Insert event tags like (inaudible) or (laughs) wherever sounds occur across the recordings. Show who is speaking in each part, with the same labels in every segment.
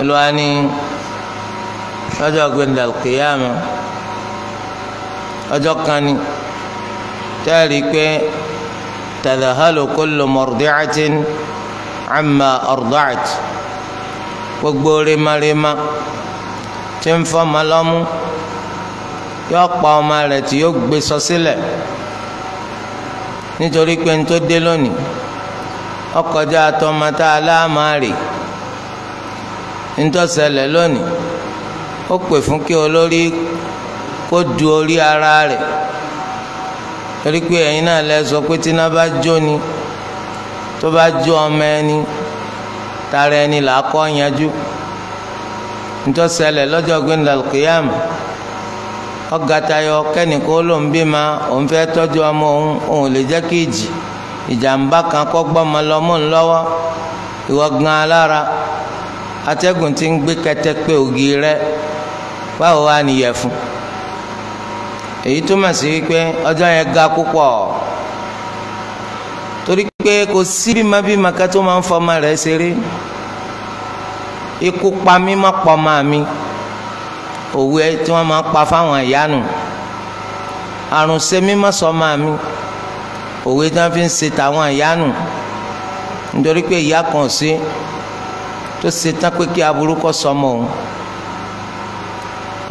Speaker 1: olùwà ni lọ́jọ́ gbẹ̀ndà kìyàmù ọjọ́ kan ni tẹ́ẹ̀rí pé tadhahalu kullu murdi'atin amma arda'at gbogbo remarema tí ń fọmọ lọ́mú yóò pa ọmọ rẹ̀ tí yóò gbé sọ sílẹ̀ nítorí pé ń tó dé lónìí ọkọjá tọmọ tá ntọ́sẹ̀lẹ̀ lónìí ó pè fún kí olórí kó orí ara rẹ torí pé ẹ̀yin náà lẹ sọ pé tíná bá jó ni tó bá jó ọmọ ẹni tara ẹni là á kọ́ yanjú ntọ́sẹ̀lẹ̀ lọ́jọ́ tayọ kẹ́nìkó ma òun òun òun lè kan atẹ́gùn ti ń gbé kẹtẹ́pẹ́ ògì rẹ̀ báwo wá nìyẹn fún èyí túmọ̀ sí wípé ọjọ́ yẹn ga púpọ̀ torí pé kò sí bímabíma ká tó máa ń fọmọ ṣeré ikú pa má máa mi òwe tí máa pa sọ máa mi òwe tí wọ́n fi ń ṣe tàwọn tó ṣetán pé kí sọmọ òun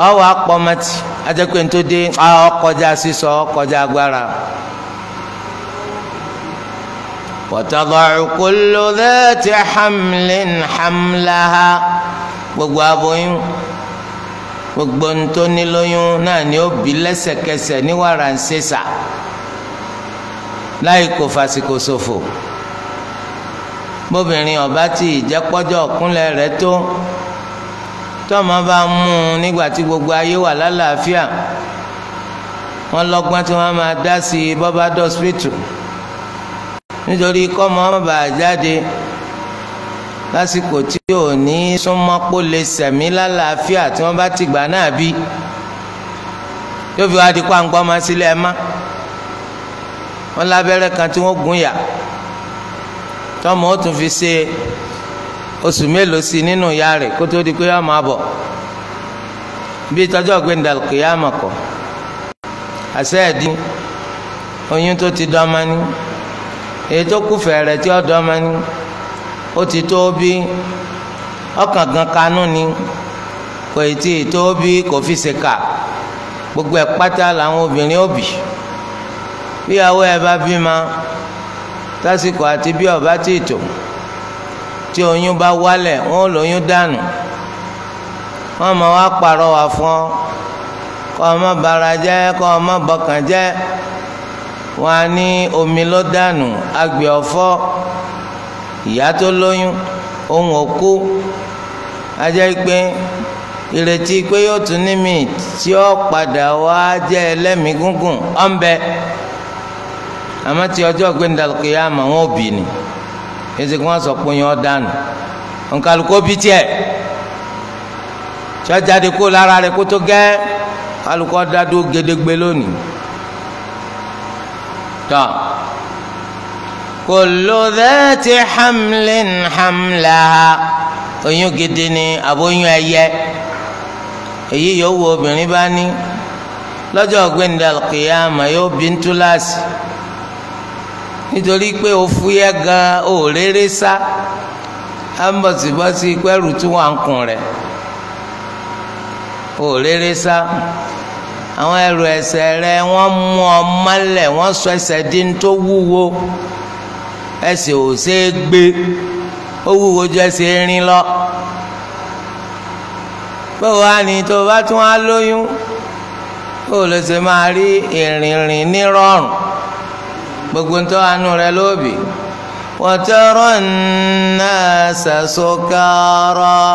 Speaker 1: ọwọ́ akpọ́mọ́tì ajẹ́pẹ́ tó dé ọkọjá sísọ ọkọjá agbára. وتضع كل gbogbo aboyún gbogbo náà ni ó bí bóbìnrin ọba tí ìjẹ́pọ́jọ́ ọ̀kúnlẹ̀ rẹ̀ tó tọ́mọ bá mú un nígbà tí gbogbo ayé wà lálàáfíà wọ́n lọ́gbọ́n tí wọ́n máa dá sí i bọ́bá dọ́sípítù nítorí kọ́mọ ọba jáde lásìkò tí ò ní súnmọ́ pó lè sẹ̀mí lálàáfíà tí wọ́n bá ti gbà náà bí yóò fi wá di pàǹgbọ́n máa sílẹ̀ ẹ̀ má wọ́n lábẹ́rẹ́ kan tí wọ́n gún yà. tọmọ ó tún fi ṣe oṣù mélòó sí nínú ìyá rẹ̀ kó tó di pé yọ máa bọ̀ bí tọ́jọ́ gbẹ̀ndà kìyàmọ̀ kọ̀ àṣẹ ẹ̀dín oyún tó ti dọ́mọ ní èyí tó kù fẹ̀rẹ̀ tí ó dọ́mọ ní ó ti tó bí ọkàn gan kanú ni kò tí ì tó bí kò fi se kà gbogbo ẹ̀ pátá làwọn obìnrin ó bì bí ìyàwó ẹ bá bímọ tásìkò àti bí ọba ti tò tí oyún bá wálẹ̀ wọn ò lóyún dànù wọn mọ wá pàrọwà fún ọ kọ ọmọ bara jẹ kọ ọmọ bọkàn jẹ wọn á ní omi ló dànù agbè ọ̀fọ̀ ìyá tó lóyún ohun òkú ajá pé ìrètí pé yóò tún ní mi tí ó padà wá jẹ ẹlẹ́mìí gúngùn ọ̀nbẹ àmọ́ tí ọjọ́ gbẹndàlùkì yá mà wọn ò bì ní ẹsẹ kí wọn sọ pé yẹn ọ dànù nkàlùkò bí tiẹ tí ọjà de kó lára rẹ kó tó gẹ kàlùkò dàdó gédégbé lónìí tọ. كل ذات حمل حملها oyún gidi ni aboyún ẹyẹ èyí yòówù obìnrin bá ní lọ́jọ́ ọ̀gbìn dàlùkìyàmà yóò bí ń nítorí pé o fúyẹ́ gan o rere sá ambọ̀sibọ́sí pẹ́rù tí wọ́n ń kun rẹ̀ o rere sá àwọn ẹrù ẹ̀ṣẹ̀ rẹ̀ wọ́n mú ọ mọ́lẹ̀ wọ́n sọ ẹ̀ṣẹ̀ di ń tó wúwo ẹ̀ṣẹ̀ ò ṣe é gbé ó wúwo ju ẹ̀ṣẹ̀ rìn lọ pé wàá ní tó bá tún á lóyún ó lè ṣe máa rí ìrìnrìn nírọ̀rùn gbogbo ń tọ́ àánú rẹ lóbì. wọ́tẹ́rọ̀ náà ṣàṣokàrọ̀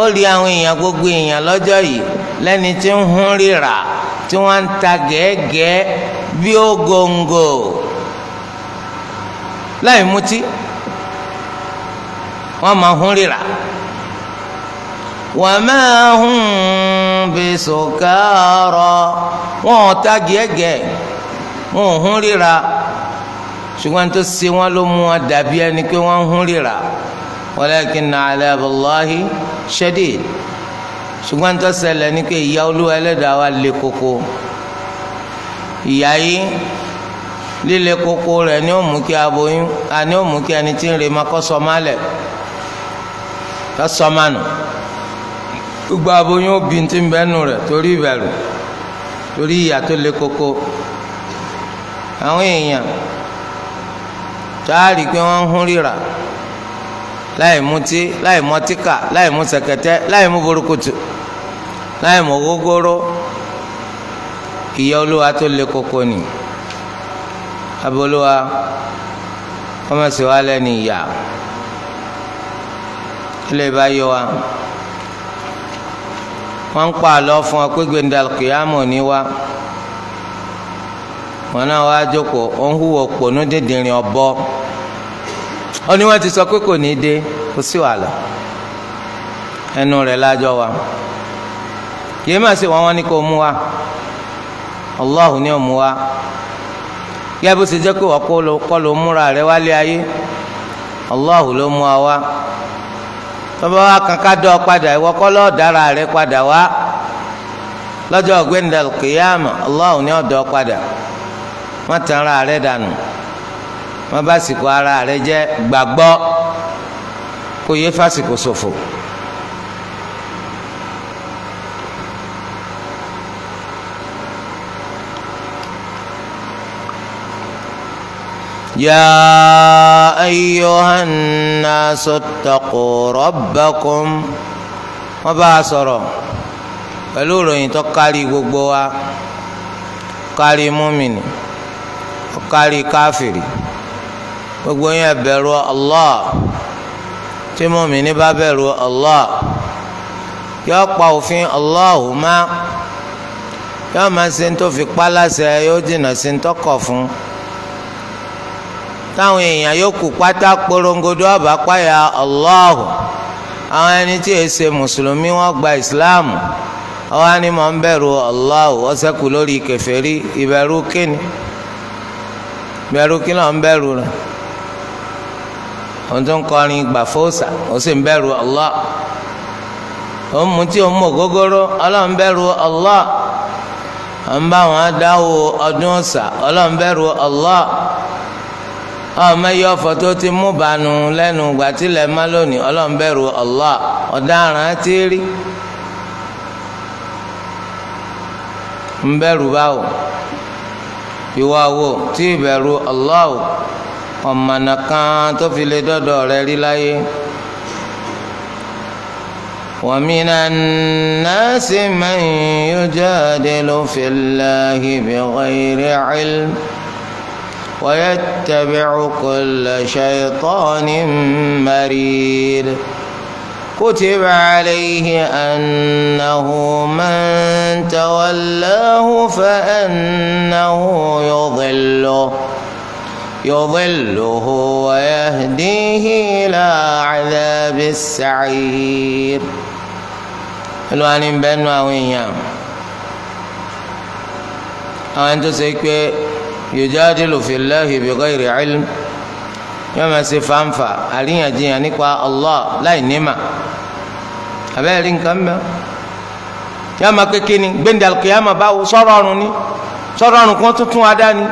Speaker 1: ó rí àwọn èèyàn gbogbo èèyàn lọ́jọ́ yìí lẹ́ni tí ń hún ríra tí wọ́n ń ta gẹ́gẹ́ bí ó góńgó láì mutí wọ́n máa hún ríra wọ́n máa hún bẹ́sọ̀kàrọ̀ wọ́n ta gẹ́gẹ́ wọ́n hún ríra. ṣùgbọ́n tó ṣe wọn ló mú wọn dàbí ẹni pé wọ́n ń hún ṣùgbọ́n tó ṣẹlẹ̀ ní le koko yìí líle koko rẹ̀ ni ó mú kí aboyún àní ó mú kí ẹni tí ń kọ́ sọmálẹ̀ kọ́ gbogbo aboyún le koko táàrí pé wọ́n ń hún ríra láì mutí láì mọtíkà láì mu sẹ̀kẹ̀tẹ̀ láì mu burúkutu láì mu gógóró ìyà olúwa tó le koko ni abolúwa ọmọ sì wá lẹ́ni ìyá ilé bá yọ wa wọ́n ń pa àlọ́ fún ọ pé gbẹ̀ndàlùkìyàmù ní wa. wọn náà wá jókòó ó ń hùwà dídìrín ọbọ ó ní wọn ti sọ pé kò ní dé ẹnu lájọ wa yìí má wọn wọn kò wa Allahu ni ó mú wa yẹ bó ṣe jẹ́ pé wọ́n kọ́ ló múra wálé ayé Allahu ló mú wa wá wa kankan dọ́ padà ìwọ kọ́ lọ́ọ́ dára padà wá lọ́jọ́ ọ̀gbẹ́ni ni padà. má tan ara rẹ dànù má bá sìkò ara rẹ jẹ́ gbàgbọ́ kó yé fásìkò ṣòfò. يا أيها الناس اتقوا ربكم wọ́n bá a sọ̀rọ̀ pẹ̀lú ìròyìn tó kárí gbogbo wa kárí múmìnì. kárí káfìrí gbogbo yẹn bẹ̀rù Allah tí ní bá bẹ̀rù Allah yóò pa òfin Allahu mọ́ yóò máa ṣe ń tó fi pa láṣẹ yóò dènà sí ń tọkọ̀ fún táwọn èèyàn yòókù pátá porongodo ọba páyà àwọn ẹni tí èé ṣe mùsùlùmí wọn gba ìsìláàmù àwọn ni mò ń bẹ̀rù Allahu ọ̀sẹ̀kù lórí kèfèrí ìbẹ̀rù kíni. bẹ̀rù kí ló ń bẹ̀rù rẹ̀ òun tó kọrin gbà ó sì ń bẹ̀rù Allah òun mú tí òun mọ̀ gógóró ọlọ́run bẹ̀rù Allah òun bá wọn dáwọ́ ọdún ọ̀sà ọlọ́run bẹ̀rù Allah ọmọ yìí ọ̀fọ̀ tó ti mú bànú lẹ́nu ìgbà má lónìí ọlọ ìwà wo tí ìbẹ̀rù Allah ọ̀mọ̀nà kan tó fi lè dọ́dọ̀ rẹ rí láyé. ومن الناس من يجادل في الله بغير علم ويتبع كل شيطان مريد كتب عليه أنه من تولاه فأنه يضله يضله ويهديه إلى عذاب السعير الوان بن وين أنت سيكو يجادل في الله بغير علم يوم سيفانفا علي يجي الله لا ينما abẹ́rẹ́ rí nǹkan mẹ́ Ya máa kéke ni gbẹ̀ndé alùkìyàmà báwo ni sọ̀rọ̀ kan tuntun adá ni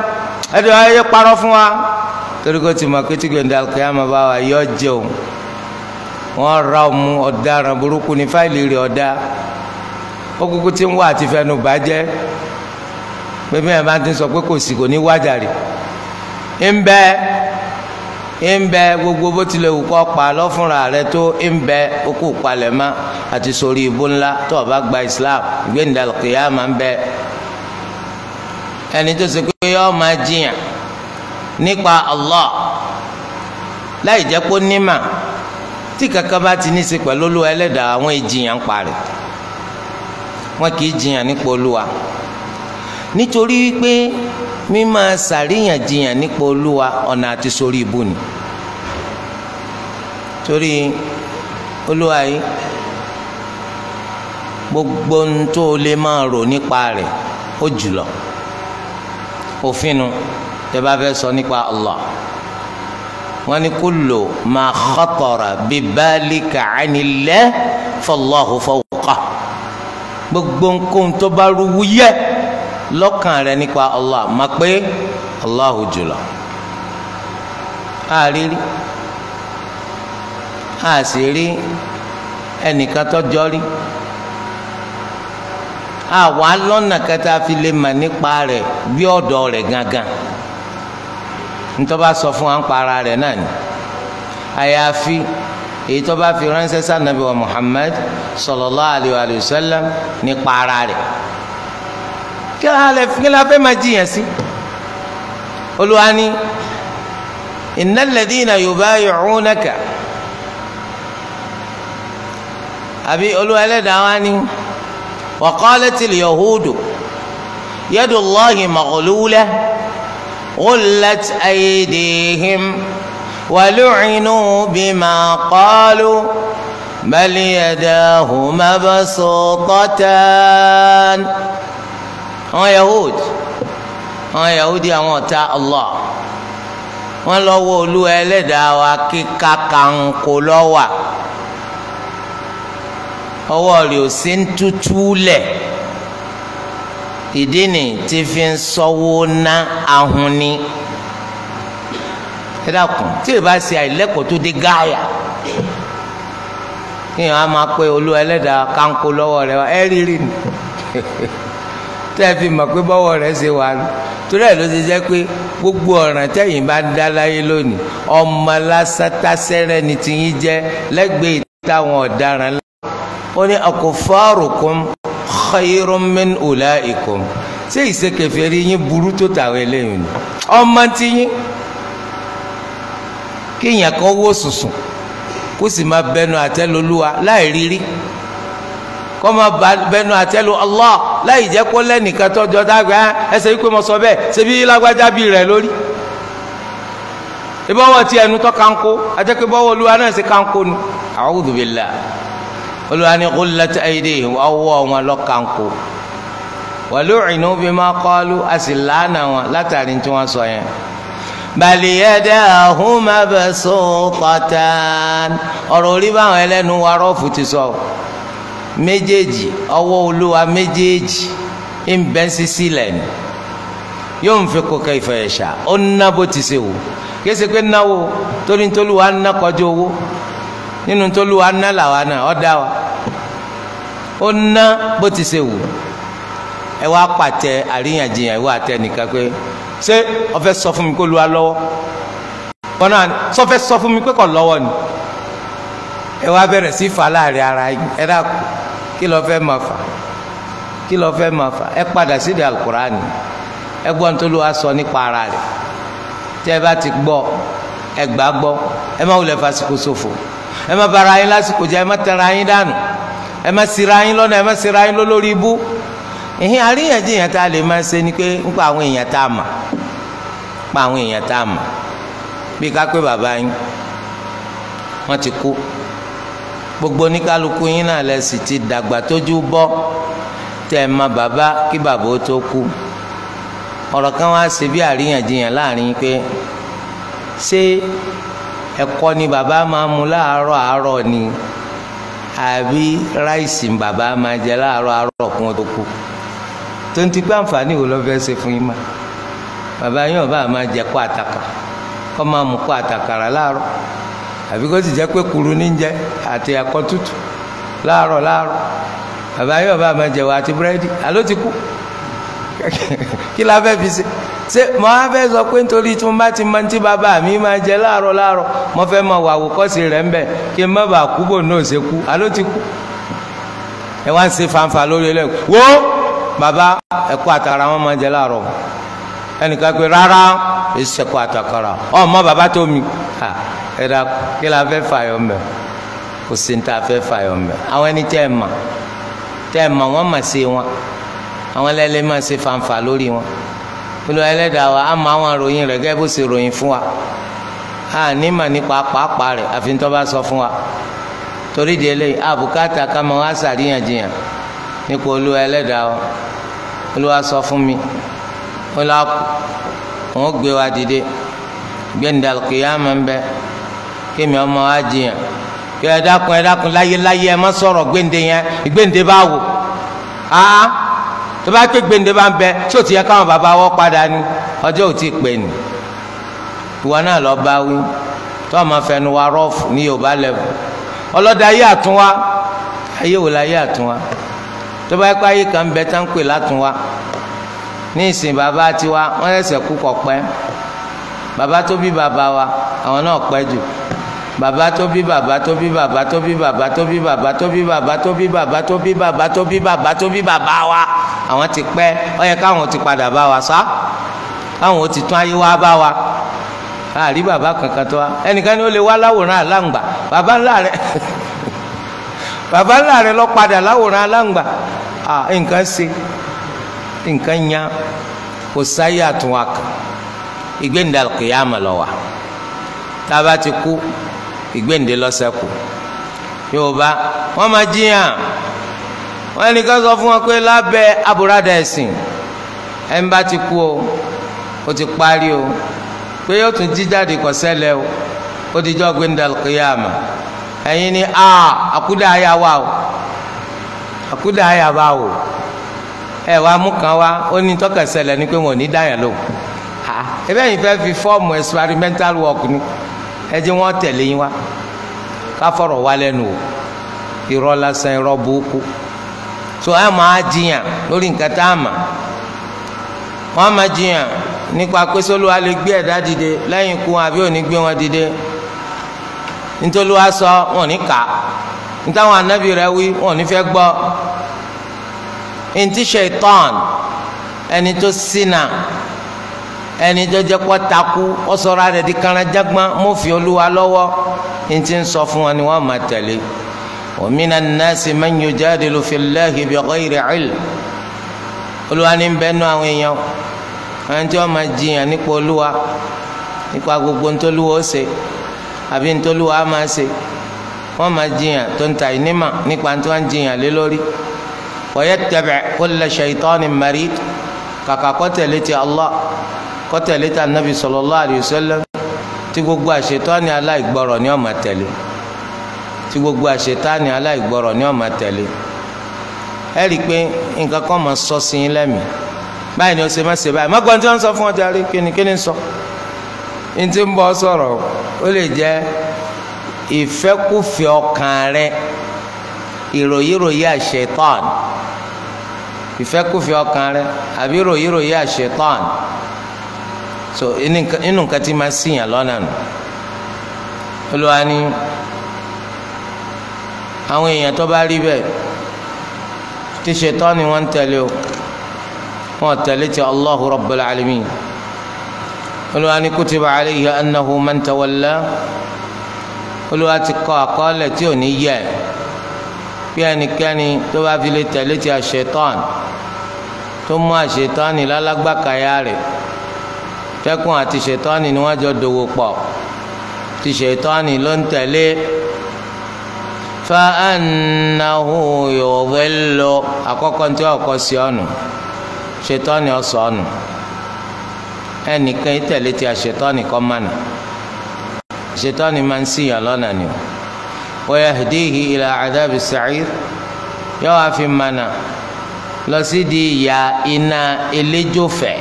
Speaker 1: ẹ̀dọ̀ ayé parọ́ fún wa torí kò tí máa kéte gbẹ̀ndé alùkìyàmà báwo ayé ra ọmú ọ̀daràn burúkú ni fáìlì rẹ̀ ọ̀dà ó kúkú tí ń wá àti bàjẹ́ ti sọ pé kò sì kò ní ń bẹ gbogbo bó tilẹ̀ wù kọ́ pa lọ́fúnra rẹ tó ń bẹ okú palẹ̀ mọ́ àti sórí ibú ńlá tó o bá gba islam gbẹ̀ndà kìyàmà ń bẹ ẹni tó ṣe pé yọ máa jiyàn nípa Allah láì jẹ́ pé nímà tí kankan bá ti ní í ṣe pẹ̀lú olúwa ẹlẹ́dàá àwọn èjìyàn ń parẹ́ wọn kì í jiyàn nípa olúwa nítorí wípé mímọ̀ sàríyànjiyàn nípa olúwa ọ̀nà àti sórí ibú ni torí olúwa yìí gbogbo ń tó lè máa rò nípa rẹ̀ ó jùlọ òfin nu tẹ bá fẹ́ sọ nípa Allah wọn ni kullu ma khatara bi balika anillah fallahu fawqa gbogbo nǹkan tó bá rú wúyẹ́ lọ́kàn rẹ nípa Allah mọ̀ pé Allahu jùlọ àrírí àṣírí ẹnìkan tọ́jọ́ rí àwa lọ́nà kẹta fi lè mọ̀ nípa rẹ̀ bí rẹ̀ gangan bá sọ fún wa ń para rẹ̀ náà ni àyàfi èyí tó bá fi ránṣẹ́ sànàbí Muhammad wa nípa ara rẹ̀. kí la fẹ́ máa jiyàn sí olúwa ni innal ladhina yubayi'unaka àbí olúwa ẹlẹ́dàá wa ni wa qalatil yahudu yadullahi maghlulah ghullat aydihim wa lu'inu bima qalu bal yadahu mabsutatan àwọn yahood àwọn yahudi àwọn ọ̀tá Allah wọ́n lọ́wọ́ olúwa ẹlẹ́dàá wa kíka kanko lọ́wà ọwọ́ rẹ̀ ò sí ń tútú lẹ̀ ìdí ni tí fi ń sọ́wọ́ ná ahun ni ẹ dákun tí ìbá ṣe àìlẹ́kọ̀ọ́ tó dé gáyà kí ni wọ́n á máa pe olúwa ẹlẹ́dàá kanko lọ́wọ́ rẹ̀ wá ẹ́ rírì ni. (laughs) tẹ́ ẹ fi mọ̀ pé bọ́wọ́ rẹ̀ ṣe wà lù torí ẹ̀ ló ṣe jẹ́ pé gbogbo ọ̀ràn tẹ́yìn bá dá láyé lónìí ọmọ lásán tásẹ́rẹ́ ni tiyín jẹ́ lẹ́gbẹ̀ẹ́ táwọn ọ̀daràn lọ. ó ní akufarukum khayrun min ulaikum ṣé ìṣekèfèrí yín burú tó tàwọn eléyìí ni ọmọ tiyín kéèyàn kan wó sùsùn kó sì máa bẹnu àtẹ́lu láì rírí kó máa bẹnu àtẹ́lu láì jẹ́ kó lẹ́nìkan tọ́jọ́ dágbà ẹsẹ̀ yìí pé mo sọ bẹ́ẹ̀ ṣebí lágbájá bíi rẹ̀ lórí ìbọ̀wọ̀ tí ẹnu tọ́ kanko àti pé bọ́wọ́ olúwa náà ṣe kanko ni a'udhu billah olúwa ni qullat aydihim ọwọ́ wọn lọ kanko wa lu'inu bima qalu a sì lánà wọn látàrí tí wọ́n sọ yẹn bal yadahu mabsutatan ọ̀rọ̀ orí báwọn ẹlẹ́nu wa rọ́ọ̀fù ti sọ ọ́. méjèèjì ọwọ́ olúwa méjèèjì ń bẹ́ sísí lẹ́nu yóò ń fi kókè ìfẹ̀yẹ̀sà ó ń ná bó ti ṣe wò kìí ṣe pé náwó torí ntòlúwa ń ná kọjú owó nínú ntòlúwa ń ná làwa náà ọ́ dá wa ó ń ná bó ti ṣe wò ẹ wá pàtẹ àríyànjiyàn ìwà pé ṣé ọfẹ sọ fún mi kó lu wa wọn náà sọfẹ sọ fún mi pé kò ni. ẹ wá bẹ̀rẹ̀ sí fà láàrin ara yìí ẹ dàkú kí lọ fẹ́ máa fà kí lọ fẹ́ máa fà ẹ padà sídìí alukurani ẹ gbọ́ nítorí wàá sọ nípa ara rẹ̀ tẹ́ ẹ bá ti gbọ́ ẹ gbà gbọ́ ẹ má wulẹ̀ fásikò ṣòfò ẹ má bara yín lásìkò jẹ ẹ má tẹ̀ra yín dànù ẹ má sira yín lọ́nà ẹ má sira yín lólórí ibú ìhìn àríyànjiyàn tá a lè máa ṣe ni pé ń pa àwọn èèyàn tá a mà pa àwọn èèyàn tá a mà bí ká pé bàbá yín wọ́n ti kú gbogbo oníkálukú yín náà lẹ sì ti dàgbà tójú bọ́ tẹ ẹ ma bàbá kí bàbá ó tó kú ọ̀rọ̀ kan wá ṣe bí àríyànjiyàn láàrin pé ṣé ẹ̀kọ ni bàbá máa mu láàárọ̀ àárọ̀ ni àbí ráìsì bàbá máa jẹ láàárọ̀ àárọ̀ kún ó tó kú tó ń ti gbá àǹfààní wo ló fẹ́ ṣe fún yín ma bàbá yín ọba máa jẹ kó àtàkà kó máa mu kó àtàkàrà láàárọ̀ àbí kó sì jẹ́ pé kuru ní jẹ àti ẹ̀kọ tútù láàárọ̀ láàárọ̀ bàbá yóò bá máa jẹ̀wọ̀ àti búrẹ́dì àló ti kú (laughs) kí la fẹ́ fi se ṣé mo á fẹ́ sọ pé nítorí tí mo bá ti máa ti bàbá mi máa jẹ láàárọ̀ láàárọ̀ mo fẹ́ máa wà àwòkọ́sí rẹ̀ ń bẹ̀ kí n má bàa kú bò náà ṣe kú àló ti kú ẹ wá ń ṣe fanfa lórí ẹ lẹ́kọ̀ọ́ wo bàbá ẹ̀kọ àtàrà wọn máa jẹ láàárọ̀ ẹnìkan pé rárá èsì ẹ̀kọ ọ̀ mọ bàbá tó mi ẹ dà kí la fẹ́ fàyọ̀ mbẹ̀ kò sí ní ta fẹ́ fàyọ̀ mbẹ̀ àwọn ẹni tẹ́ ẹ mà tẹ́ ẹ mà wọ́n mà ṣe wọn àwọn ẹlẹ́lẹ́ máa ṣe fanfa lórí wọn olùwà ẹlẹ́dàá wa á mọ àwọn àròyìn rẹ̀ gẹ́gẹ́ bó ṣe ròyìn fún wa a ní mà nípa pàápàá rẹ̀ àfi tó bá sọ fún wa torí di eléyìí àbùkátà ká máa wá ṣàríyànjiyàn nípa olùwà ẹlẹ́dàá wa olùwà sọ fún mi olùwà òun gbé wa dìde gbẹ̀ndàlùkìyà máa ń bẹ́ẹ̀ kémi ọmọ wa jiyàn kí ẹ dákun ẹ dákun láyéláyé ẹ má sọ̀rọ̀ gbéǹde yẹn gbéǹde bá wò á tó bá pé gbéǹde bá ń bẹ tí ò ti yẹ káwọn bàbá wọ́ padà ni ọjọ́ ò ti pè ní ìwọ náà lọ bá wí tó ọmọ fẹnu wa rọ́ọ̀fù ní yorùbá lẹ́wọ̀ ọlọ́dẹ ayé àtúnwá ayé wò láyé àtúnwá tó bá pé ayé kan bẹ tá ń pè látúnwá ní ìsìn bàbá tiwa wọ́n ṣẹ̀ṣẹ̀ kú kọ̀ pẹ́ bàbá tó bí bàbá wa àwọn náà pẹ́ jù bàbá tó bí bàbá tó bí bàbá tó bí bàbá tó bí bàbá tó bí bàbá tó bí bàbá tó bí bàbá tó bí bàbá tó bí bàbá wa àwọn ti pẹ́ ó yẹ káwọn ti padà bá wa sá káwọn ti tún ayé wa bá wa àrí bàbá kankan tó wa ẹnìkan ni ó lè wá láwòrán aláǹgbà bàbá ńlá rẹ (laughs) bàbá ńlá rẹ lọ padà láwòrán aláǹgbà à nǹkan ṣe nǹkan yan kò sáyé àtúnwá kan ìgbéǹdàkìyàmọ̀ lọ wa tá a bá ti kú ìgbéǹde lọ́sẹ̀kù yorùbá wọ́n máa jiyàn wọ́n ẹnìkan sọ fún wọn pé lábẹ́ àbúradà ẹ̀sìn ẹ̀ ń bá ti kú o ó ti parí o pé yóò tún jí jáde kò ṣẹlẹ̀ o ó ti jọ́ gbẹ̀ndàlùkìyàmà ẹ̀yin ni a àkúdà ayà wà o àkúdà ayà wà o ẹ wàá mú kan wá ó ní tọ́kẹ̀sẹ̀lẹ̀ ni pé wọn ò ní dáyà lò ẹ bẹ́ẹ̀ yìí fẹ́ fi fọ́ọ̀mù experimental work ni. ẹ wọn wọ́n tẹ̀lé yín wá ká fọ̀rọ̀ wá lẹ́nu o irọ́ lásán irọ́ burúkú so ẹ máa jiyàn lórí nǹkan tá a mà wọ́n máa jiyàn nípa pé sọlúwa lè gbé ẹ̀dá dìde lẹ́yìn ikú àbí òní gbé wọn dìde ntọ́lúwa sọ wọn ní kà ntáwọn anábì rẹ̀ wí wọn ní fẹ́ gbọ́ ntí ṣe tán ẹni tó sínà. ẹni tó jẹ́ kó takú ó sọra rẹ̀ di kanajágbọ́n mọ́fìn olúwa lọ́wọ́ ń ti ń sọ fún wa ni wọ́n máa tẹ̀lé wa minan nasi man yujadilu fillahi bighayri ilm olúwa ní bẹ́ẹ̀ nú àwọn èèyàn àwọn tí wọ́n máa jiyàn nípa olúwa nípa gbogbo ntòlúwa ó ṣe àbí ntòlúwa á máa ṣe wọ́n máa jiyàn tó ń ta ìnímà nípa tí wọ́n jiyàn lé lórí wa yattabi' kulla shaytanin marid kàkà kó tẹ̀lé ti Allah kó tẹ̀lé ta nabi sallallahu alayhi wa sallam tí gbogbo àṣetánì aláìgbọrọ̀ ni ó máa tẹ̀lé tí gbogbo àṣetánì aláìgbọrọ̀ ni ó máa tẹ̀lé ẹ rí i pé nǹkan kan máa sọ sí yín lẹ́mìí báyìí ni ó ṣe má ṣe báyìí mọ́gbọ́n tí wọ́n ń sọ fún ọjà rí kíni kíni sọ ní ti ń bọ́ sọ̀rọ̀ ó lè jẹ́ ìfẹ́kùfẹ́ ọkàn rẹ ìròyìnròyìn àṣetán ìfẹ́kùfẹ́ ọkàn rẹ àbí ìròyìnròyìn àṣetán so inú nǹkan tí máa ṣìyàn lọ́nà nù olúwa ni àwọn èèyàn tó bá rí bẹ́ẹ̀ tí ṣetán ni wọ́n ń tẹ̀lé o wọ́n tẹ̀lé ti Allahu Rabbul Alamin olúwa ni kutiba alayhi annahu man tawalla olúwa ti kọ àkọọ́lẹ̀ tí ò ní yẹ̀ bí ẹnikẹ́ni tó bá fi lè ti àṣetán tó mú àṣetán ni lálágbàkáyà rẹ̀ tẹ́kùn àti ṣètọ́ni ni wọ́n jọ dòwò pọ̀ ti ṣètọ́ni ló ń tẹ̀lé fa annahu yudhillu àkọ́kọ́ tí ọkọ̀ sí ọ̀nù ṣètọ́ni ọ̀sọ̀ ọ̀nù ẹnìkan tẹ̀lé tí a kọ́ mánà ṣètọ́ni máa ń síyàn lọ́nà ni o wa yahdihi ila adhabi sa'ir yọ wá fi mánà lọ sí di ìyá iná eléjòfẹ́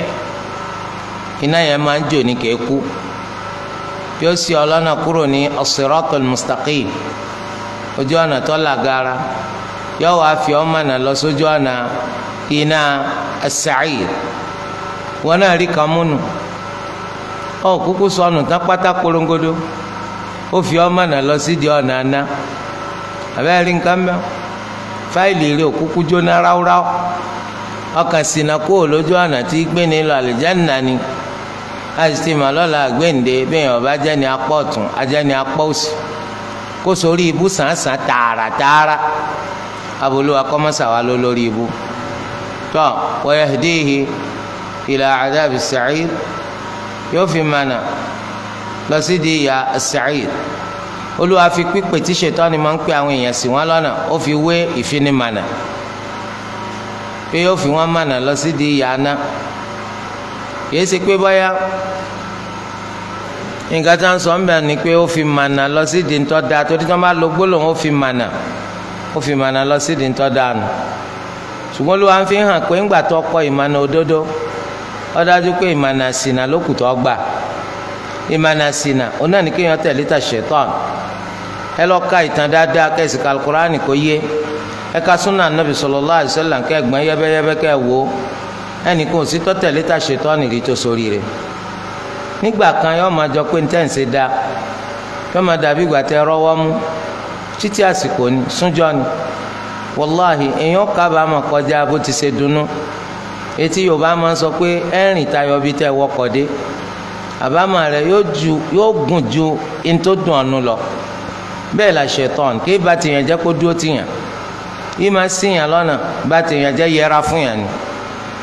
Speaker 1: iná yẹn máa ń jò ní kéku bí ó sì ọlọ́nà kúrò ní as-siratul mustaqim ojú ọ̀nà tó làgàrà yóò wá fi ọmọ náà lọ sójú ọ̀nà iná as-sa'ir wọn náà rí kan múnu ọ kúkú sọnù tán pátá korongodo ó fi ọmọ náà lọ sí ọ̀nà aná àbẹ́rẹ́ rí nǹkan mẹ́wọ́ fáìlì rẹ̀ òkúkú jóná ráúráú ọkàn sínà kúrò lójú ọ̀nà tí gbé ní lọ àlùjánnà ni. Lo, àìsí màlọ́la gbẹ̀ǹde bẹ́ẹ̀ ọba jẹ́ni apọ̀ ọ̀tún ajẹ́ni apọ̀ òsì kó sórí ibú sàn-án tààràtààrà abolúwa kọ́mọ́sà wa ló lórí ibú tọ́ wa yahdihi ila adhabi sa'ir yóò fi mànà lọ sí di ìyà sa'ir olúwa fi pípé tí ṣètánì máa ń pè àwọn èèyàn sí wọn lọ́nà ó fi wé ìfinimànà pé yóò fi wọn mànà lọ sí di ìyà náà. yìí si pé báyà nǹkan tí wọ́n sọ ń bẹ̀ ni pé ó fi mànà lọ sí di ńtọ́ da torí tí wọ́n bá lo gbólóhùn ó fi lọ sí di da nù ṣùgbọ́n ló wá ń fi hàn pé ńgbà tó kọ ìmànà òdodo ó dájú pé ìmànà sínà lókùtọ́ gbà ìmànà sínà ó náà ní kéèyàn tẹ̀lé ka ìtàn dáadáa kẹsì kò yé ẹ súnà nàbì kẹ ẹnìkan ò sí tọ́tẹ̀lé tà ṣètọ́nì rí tó sórí rẹ̀ nígbà kan yóò máa jọ pé ntẹ́ǹsẹ̀ da yóò máa dàbí ìgbà tẹ rọ́wọ́ mú títí àsìkò ni súnjọ́ ni wàláhì èèyàn kábàámọ̀ kọjá bó ti ṣe dunnú etí yorùbá máa ń sọ pé ẹ̀rìn tayọ bíi tẹ wọkọ̀ dé àbámọ̀ rẹ̀ yóò gùn ju ntó dùn ọ̀nù lọ bẹ́ẹ̀ la ṣetán kí bá tìyàn jẹ́ kó dúró tìyàn yìí máa ṣìyàn lọ́nà bá tìyàn jẹ́ yẹra fún yàn ni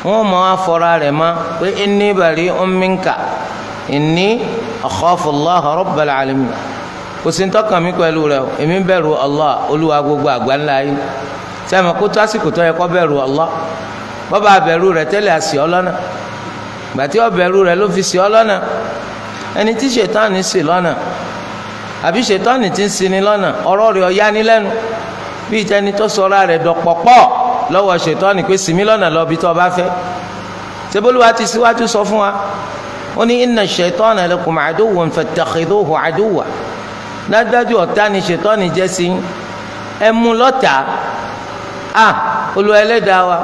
Speaker 1: wọn mọ afọra rẹ̀ mọ́ pé inni bari'un minka inni akhafu Allah rabbal alamin kò sí ntọ́kàn mi pẹ̀lú rẹ̀ o èmi bẹ̀rù Allah olúwa gbogbo àgbáńlá yìí sẹ́mi kó tó àsìkò tó yẹ kó bẹ̀rù Allah bọ́ba bẹ̀rù rẹ̀ tẹ́lẹ̀ àsì ọlọ́nà gbàtí ọbẹ̀rù rẹ̀ ló fi sí ọlọ́nà ẹni tí ṣètánì sì lọ́nà àbí ṣètánì ti ń sini lọ́nà ọ̀rọ̀ rẹ̀ ọ̀yánilẹ́nu lọ́wọ́ ṣètọ́ni pé sinmi lọ́nà lọ́bi tó o bá fẹ́ seboluwa ti síwájú sọ fún wa ó ní inna ṣètọ́nà lakum aduwwan fattakhidhuhu aduwwa dájúdájú ọ̀tá ni ṣètọ́ni jẹ́ sí ẹ mú lọ́tà á olú ẹlẹ́dàá wa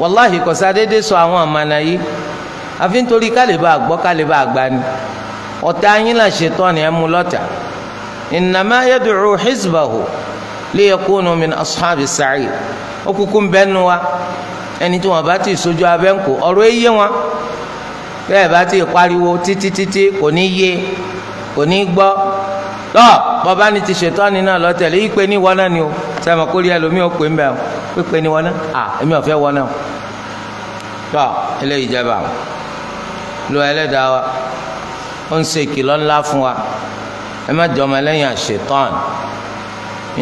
Speaker 1: wàláhì kò sádédé sọ àwọn àmàna yìí àfi nítorí kálíbà àgbọ́ kálíbà àgbà ni ọ̀tá yín là ṣètọ́ni ẹ lọ́tà innama yad'u hizbahu ó kúkú ń bẹ́nu wa ẹni tí wọn bá ti sojú abẹ́ ń kó ọ̀rọ̀ ẹ yé wọn bẹ́ẹ̀ bá ti pariwo títí títí kò ní yé kò ní gbọ́ tọ́ bàbá ni ti ṣètọ́ni náà lọ́tẹ̀lẹ́ yí pé ní wọn náà ni o sẹ́mi kó rí ẹlòmíì ó pè ń bẹ̀ ó pè ní wọn náà à èmi ò fẹ́ wọn náà tọ́ eléyìí jẹba lo ẹlẹ́dàá wa ó ń ṣe ìkìlọ̀ ńlá fún wa ẹ má jọ ọmọ ẹlẹ́yìn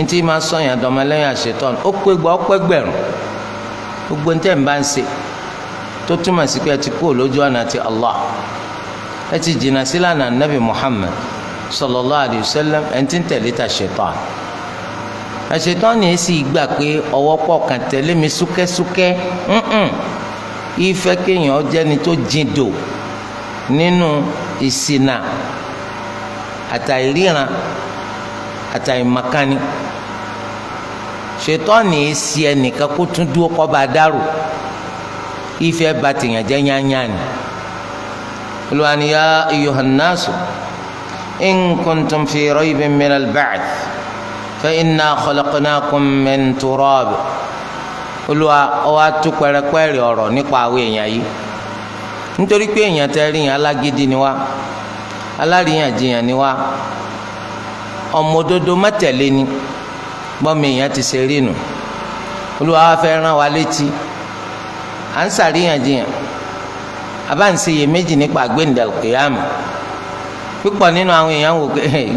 Speaker 1: ntí ma sọyìn àdọmọlẹ́yìn àṣetọ́nù ó pé gbọ́ ọpẹ́ gbẹ̀rún gbogbo ntẹ́ ń bá ń ṣe tó túmọ̀ sí pé ẹ ti kú lójú ọ̀nà ti Allah ẹ ti jìnnà nabi sallallahu alayhi ẹ ti ń tẹ̀lé ta ọwọpọ àṣetọ́nù yìí sì gbà pé ọwọ́ pọ̀ kàn mi súkẹ́súkẹ́ kéèyàn àtàyè makani ṣètọ́ni èsì ẹnìkan kó tún dúró kọ́ bá dárò ìfẹ́ bá tèèyàn jẹ́ yányán ni olùwànìyà yohannasu in kuntum fi raybin min al-ba'th fa inna khalaqnakum min turab olùwà ọwọ́ atú pẹrẹpẹrẹ ọ̀rọ̀ nípa àwọn èèyàn yìí nítorí pé èèyàn tẹ́ rí alágídí ni wá aláríyànjiyàn ni wá ọmọ òdodo má ni gbọ́mi èèyàn ti ṣe rí nu olúwa wa fẹ́ rán wa létí à ń sàríyànjiyàn àbá ń ṣeyè méjì nípa gbẹ̀ǹdà kìyàmù pípọ̀ nínú àwọn èèyàn wò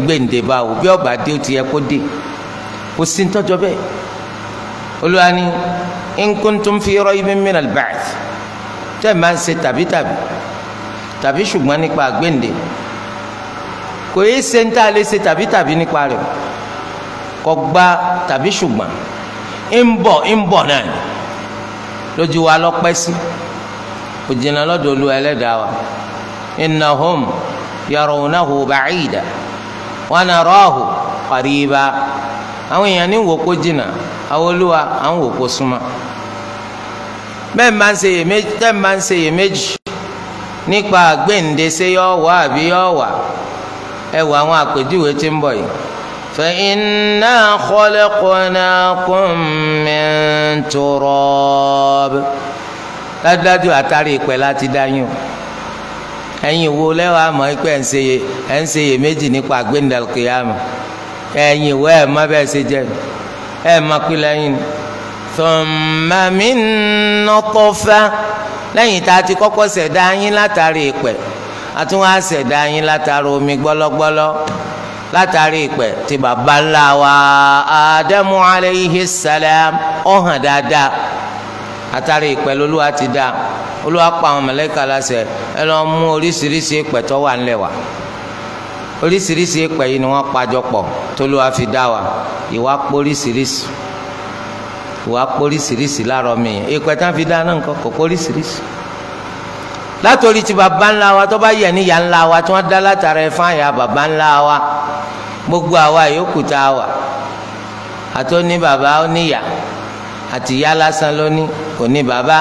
Speaker 1: gbẹ̀ǹdè bá wò bí ọba dé ó ti yẹ kó dé kò sí ń tọ́jọ́ bẹ́ẹ̀ olúwa ni in fi raybin min al-ba'th tẹ́ ẹ̀ máa ń ṣe tàbí tàbí tàbí ṣùgbọ́n nípa gbẹ̀ǹdè. kò yé ṣe ń tà lé ṣe tàbí tàbí nípa rẹ̀ kò gba tàbí ṣùgbọ́n ń bọ̀ ń bọ̀ náà ni lójú wa lọ́pẹ́ sí kò jìnnà lọ́dọ̀ Olúwa ẹlẹ́dàá wa innahum yarawnahu ba'ida wa narahu qariba àwọn èèyàn ní wòókó jìnnà àwọn Olúwa àwọn wòókó súnmọ́ ń nípa wá àbí wá. ẹ wo àwọn àpèjúwe tí ń bọ̀ yìí. فإنا خلقناكم من تراب dájúdájú àtàrí ìpẹ́ láti dáyún ẹ̀yin wo lẹ́wọ̀ àmọ́ ìpẹ́ ń ṣe ẹ̀ ń ṣe iyèméjì nípa àgbéǹdàkìyàmù ẹ̀yin wo ẹ̀ má bẹ́ẹ̀ ṣe jẹ́ ẹ̀ má pé lẹ́yìn ni. ثم من نطفة lẹ́yìn tá a ti kọ́kọ́ ṣẹ̀dá yín látàrí ìpẹ́ àtúnwá ṣẹ̀dá yín látara omi gbọ́lọ́gbọ́lọ́ látàrí ìpẹ́ tí baba ńlá wa Ádámù aleyhi salam ó hàn dáadáa látàrí ìpẹ́ lolúwa ti dá olúwa pa àwọn mọ̀lẹ́kà láṣẹ ẹ lọ mú oríṣiríṣi ìpẹ́ tó wà ńlẹ̀ wá oríṣiríṣi ìpẹ́ yìí ni wọ́n pàjọ pọ̀ tólúwa fi dá wa ìwà póríṣiríṣi ìwà póríṣiríṣi láàárọ̀ mi ìpẹ́ tán fi dá náà nǹkan kò póríṣiríṣi látòrí ti baba ńlá wa tó bá yẹ ní ya ńlá wa tí wọn dá látara ẹ fún àyà baba ńlá wa gbogbo àwa yòókù tá a wà àtó ní baba ó níyà àti ya lásán lóní kò ní baba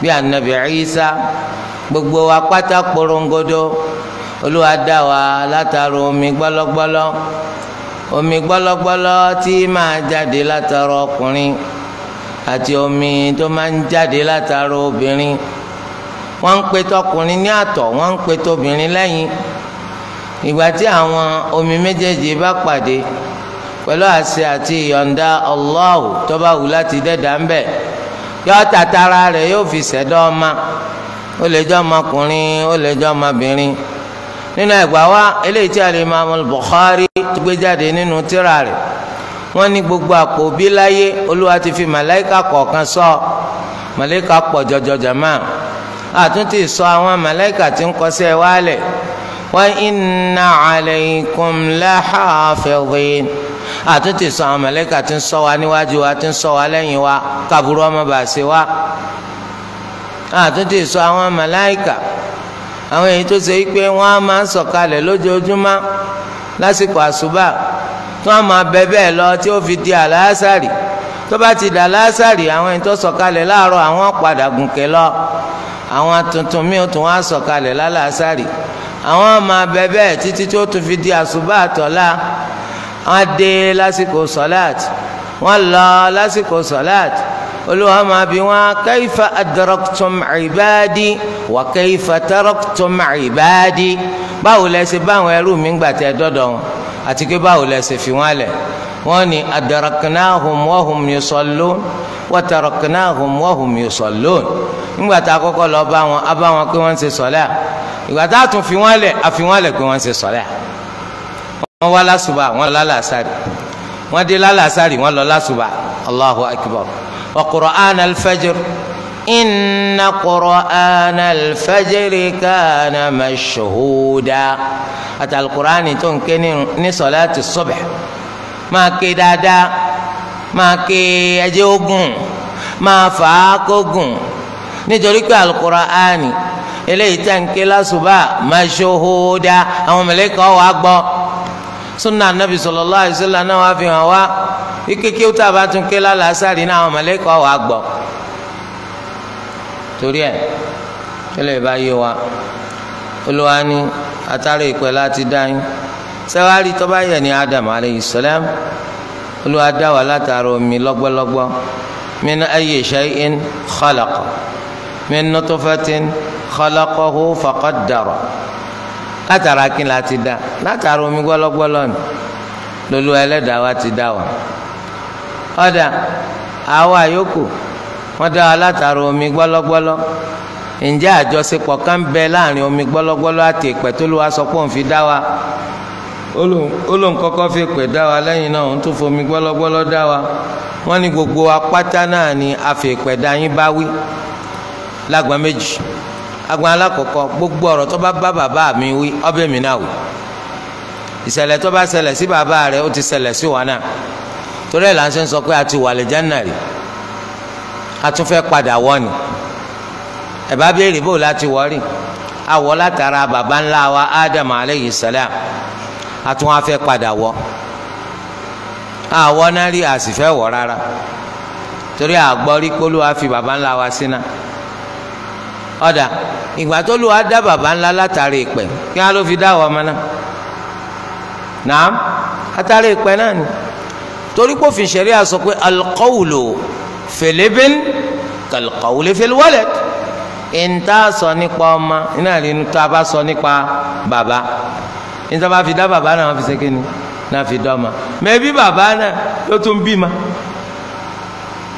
Speaker 1: bí anabi Isa gbogbo wa pátá korongodo olúwa dá wa látara omi gbọlọgbọlọ omi gbọlọgbọlọ tí máa jáde látara ọkùnrin àti omi tó máa ń jáde látara obìnrin wọ́n ń pe tọkùnrin ní àtọ̀ wọ́n ń pe tóbìnrin lẹ́yìn ìgbà tí àwọn omi méjèèjì bá pàdé pẹ̀lú àṣẹ àti ìyọ̀ǹda Allahu tó bá wù láti dẹ́dà ń bẹ̀ yọ tàtàrà rẹ̀ yóò fi ṣẹ̀dá ọma ó lè jẹ́ ọmọkùnrin ó lè jẹ́ ọmọbìnrin nínú ẹ̀gbá wa eléyìí tí Al-Imam Bukhari tó gbé jáde nínú tírà rẹ̀ wọ́n ní gbogbo àpò bí olúwa ti fi màláìka kọ̀ọ̀kan sọ màláìka pọ̀ jọjọ jàmáà àtúntì sọ àwọn màláíkà tí ń kọsẹ̀ wálẹ̀ wa inna alaykum lahafidhin àtúntì sọ àwọn màláíkà tí ń ṣọ́ wa níwájú wa tí ń ṣọ́ wa lẹ́yìn wa kàbúrú ọmọ bàṣẹ wa àtúntì sọ àwọn màláíkà àwọn èyí tó ṣe pé wọ́n á máa ń sọ̀kalẹ̀ lójoojúmọ́ lásìkò àṣùbà tí wọ́n máa bẹ bẹ́ẹ̀ lọ tí ó fi di àlàásàrì tó bá ti dà àlàásàrì àwọn èyí láàárọ̀ àwọn padà gùnkè lọ àwọn tuntun mi ò tún wá sọ̀kalẹ̀ lálàásárì àwọn máa bẹ bẹ́ẹ̀ títí tó tún fi di àṣùbà àtọ̀lá wọ́n dé lásìkò sọ̀láàt wọ́n lọ lásìkò sọ̀láàt olùwà máa bi wọ́n kaifa adraktum ibadi wa kaifa taraktum ibadi báwo lẹ báwọn ẹrú mi gbà tẹ dọ́dọ̀ wọn àti pé báwo lẹ fi wọ́n lẹ̀ wọ́n ní adaraknahum wahum yusallun wataraknahum wahum yusallun nígbà tá a kọ́kọ́ lọ bá wọn a bá wọn pé wọ́n ń ṣe sọ́lá ìgbà tá a tún fi wọ́n lẹ̀ a fi wọ́n pé wọ́n ń ṣe sọ́lá wọ́n wá lásùbà wọ́n lọ lásàrì wọ́n dé lásàrì wọ́n lọ lásùbà allahu akbar wa qur'an al-fajr inna qur'an al-fajr kana mashhuda àtàlùkùránì tó ń ké ní sọ́lá ti subh máa ké dáadáa máa ké ẹjẹ́ ogun máa fà á kógun nítorí pé Al-Qur'ani eléyìí tá n ké lásùbà mashuhuda àwọn mẹlẹ́kà wà gbọ́ sunna anabi sallallahu alaihi wasallam náà wà fi hàn wá ikeke tá a bá tún ké lálàásàrì náà àwọn mẹlẹ́kà wà gbọ́ torí ẹ̀ tẹ́lẹ̀ bá yé wa olùwà ni atárò ìpẹ́ láti dá yín sẹ́wárí tó bá yẹ ní Adam aleyhi salam Olúwa dá wa látara omi lọ́gbọ́lọ́gbọ́ min ayyi shay'in khalaqa min nutfatin khalaqahu faqaddara látara kí la ti dá látara omi gbọ́lọ́gbọ́lọ́ ni lolu ẹlẹ́dàá wa ti dá wa ọ̀dà àwa yòókù wọ́n dá wa látara omi gbọ́lọ́gbọ́lọ́ ǹjẹ́ àjọṣepọ̀ kan bẹ láàrin omi gbọ́lọ́gbọ́lọ́ àti ìpẹ́ sọ pé òun fi dá wa olóhùn kọ́kọ́ fi pè dá wa lẹ́yìn náà ń tún fomi gbọ́lọ́gbọ́lọ́ dá wa wọ́n ní gbogbo apáta náà ni àfẹ́pẹ́ dá yín bá wí lágbọ́n méjì agbọ́n alákọ̀ọ́kọ́ gbogbo ọ̀rọ̀ tó bá bá bàbá mi wí ọbẹ̀ mi náà wí ìṣẹ̀lẹ̀ tó bá ṣẹlẹ̀ sí bàbá rẹ̀ ó ti ṣẹlẹ̀ sí wa náà torí ẹ̀ là ń ṣe ń sọ pé a ti wà lẹ́jà náà rí a tún fẹ́ padà wọ́ ni ẹ̀ bá béèrè bó láti wọ́ rí awọ́ látara bàbá ńlá wa Ádámù alayhi salam a tún wá fẹ́ padà wọ̀ àwọ̀ náà rí àsìfẹ́ wọ̀ rárá torí àgbọ́rí polówó fi baba ńlá wa sínú ọ̀dà ìgbà tó lù wá dá baba ńlá látàrí ìpẹ́ kí wọ́n ló fi dá wọ́n mọ́ náà nàám látàrí ìpẹ́ náà ni torí kò fi ṣẹ̀ríà sọ pé alqawlu fil ibn kalqawli ìntà sọ nípa ọmọ iná rí ta bá sọ nípa baba níta bá fi dá bàbá náà wọ́n fi ṣe kíni náà fi dá ọmọ mẹ́bí bàbá náà ló tún bí ma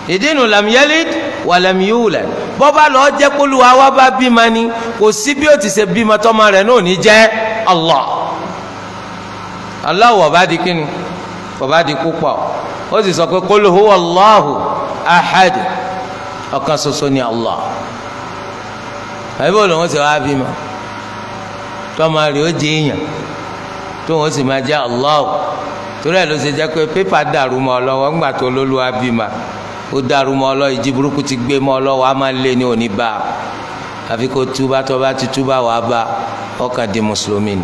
Speaker 1: ìdí nu lam yalid wà lam yulad bọ́ba lọ jẹ́ kóluwa wa bá bí ma ni kò sí bí o ti ṣe bí ma tọ́mọ rẹ̀ náà ò ní jẹ́ Allah Allah wọ̀ bá di kíni wọ̀ bá di púpọ̀ ó sì sọ pé kul huwa Allahu ahad ọ̀kan ṣoṣo ni Allah àbí bó lòun ṣe wá bí ma tọ́mọ rẹ̀ ó jẹ́ èèyàn. tó wọn sì máa jẹ́ Allah torí ẹ̀ ló ṣe jẹ́ pé pépà dàrú ọ ńgbà tó ma ó dàrú mọ́ ìjì burúkú ti gbé mọ́ ọ a máa lé ní òní bá a àfi kó túbá tó bá ti wà á bá di mùsùlùmí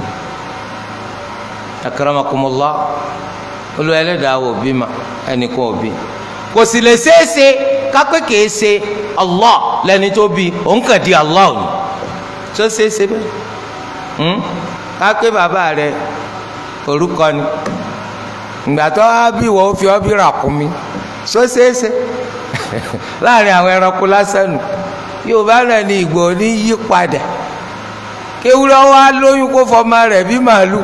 Speaker 1: ẹnìkan kò sì lè ṣeéṣe kápẹ́ kìí ṣe Allah tó bí òun kàn di Allah orúkọ ni ìgbà tó wá bí wọ́n fi ọ́ bí (laughs) láàrin àwọn ẹranko lásán nù bá ní ìgbò ní yí padà kéwúrọ́ lóyún kó fọmọ bí màálù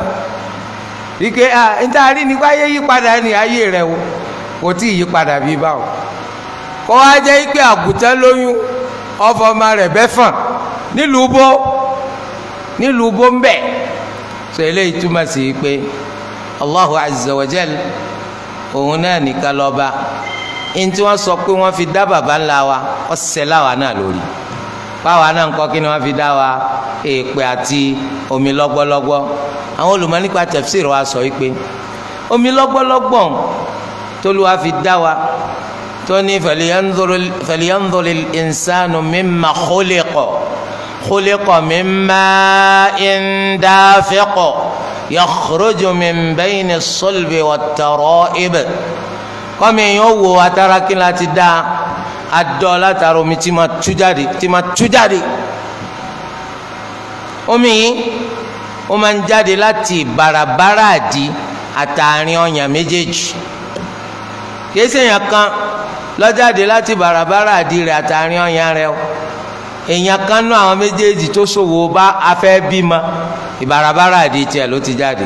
Speaker 1: ike a ntaari nípa ayé yí padà ní ayé rẹ̀ wò kò tí ì ike àgùntàn lóyún rẹ̀ nílùú so eléyìí túmọ̀ sí pé Allahu azza wa jal òun náà nìkan lọ́ba ẹni tí wọ́n sọ pé wọ́n fi dá bàbá ńlá wa ọ̀sẹ̀ láwa náà lórí báwa náà ń kọ́ kí ni wọ́n fi dá wa èèpẹ̀ àti omi lọ́gbọ́lọ́gbọ́ àwọn olùmọ̀ nípa tafsir wa sọ pé omi lọ́gbọ́lọ́gbọ́ tólúwa fi dá wa tó ní falyanzuril insanu mimma khuliqa khuliqa min ma'in dafiq yakhruju min bayni as-sulbi wat-tara'ib kọ́mi yìí ó wo atara kí la ti da adọ́ látara omi tí ma tú jáde tí ma tú jáde omi yìí ó máa ń jáde láti bàràbàrà àdí àtàrin ọ̀yàn méjèèjì kìí ṣèyàn kan lọ́jáde láti bàràbàrà àdí rẹ̀ àtàrin ọ̀yàn rẹ̀ o èèyàn kan nú àwọn méjèèjì tó ṣòwò bá afẹ́ bímọ ìbarabara àdìí tiẹ̀ ló ti jáde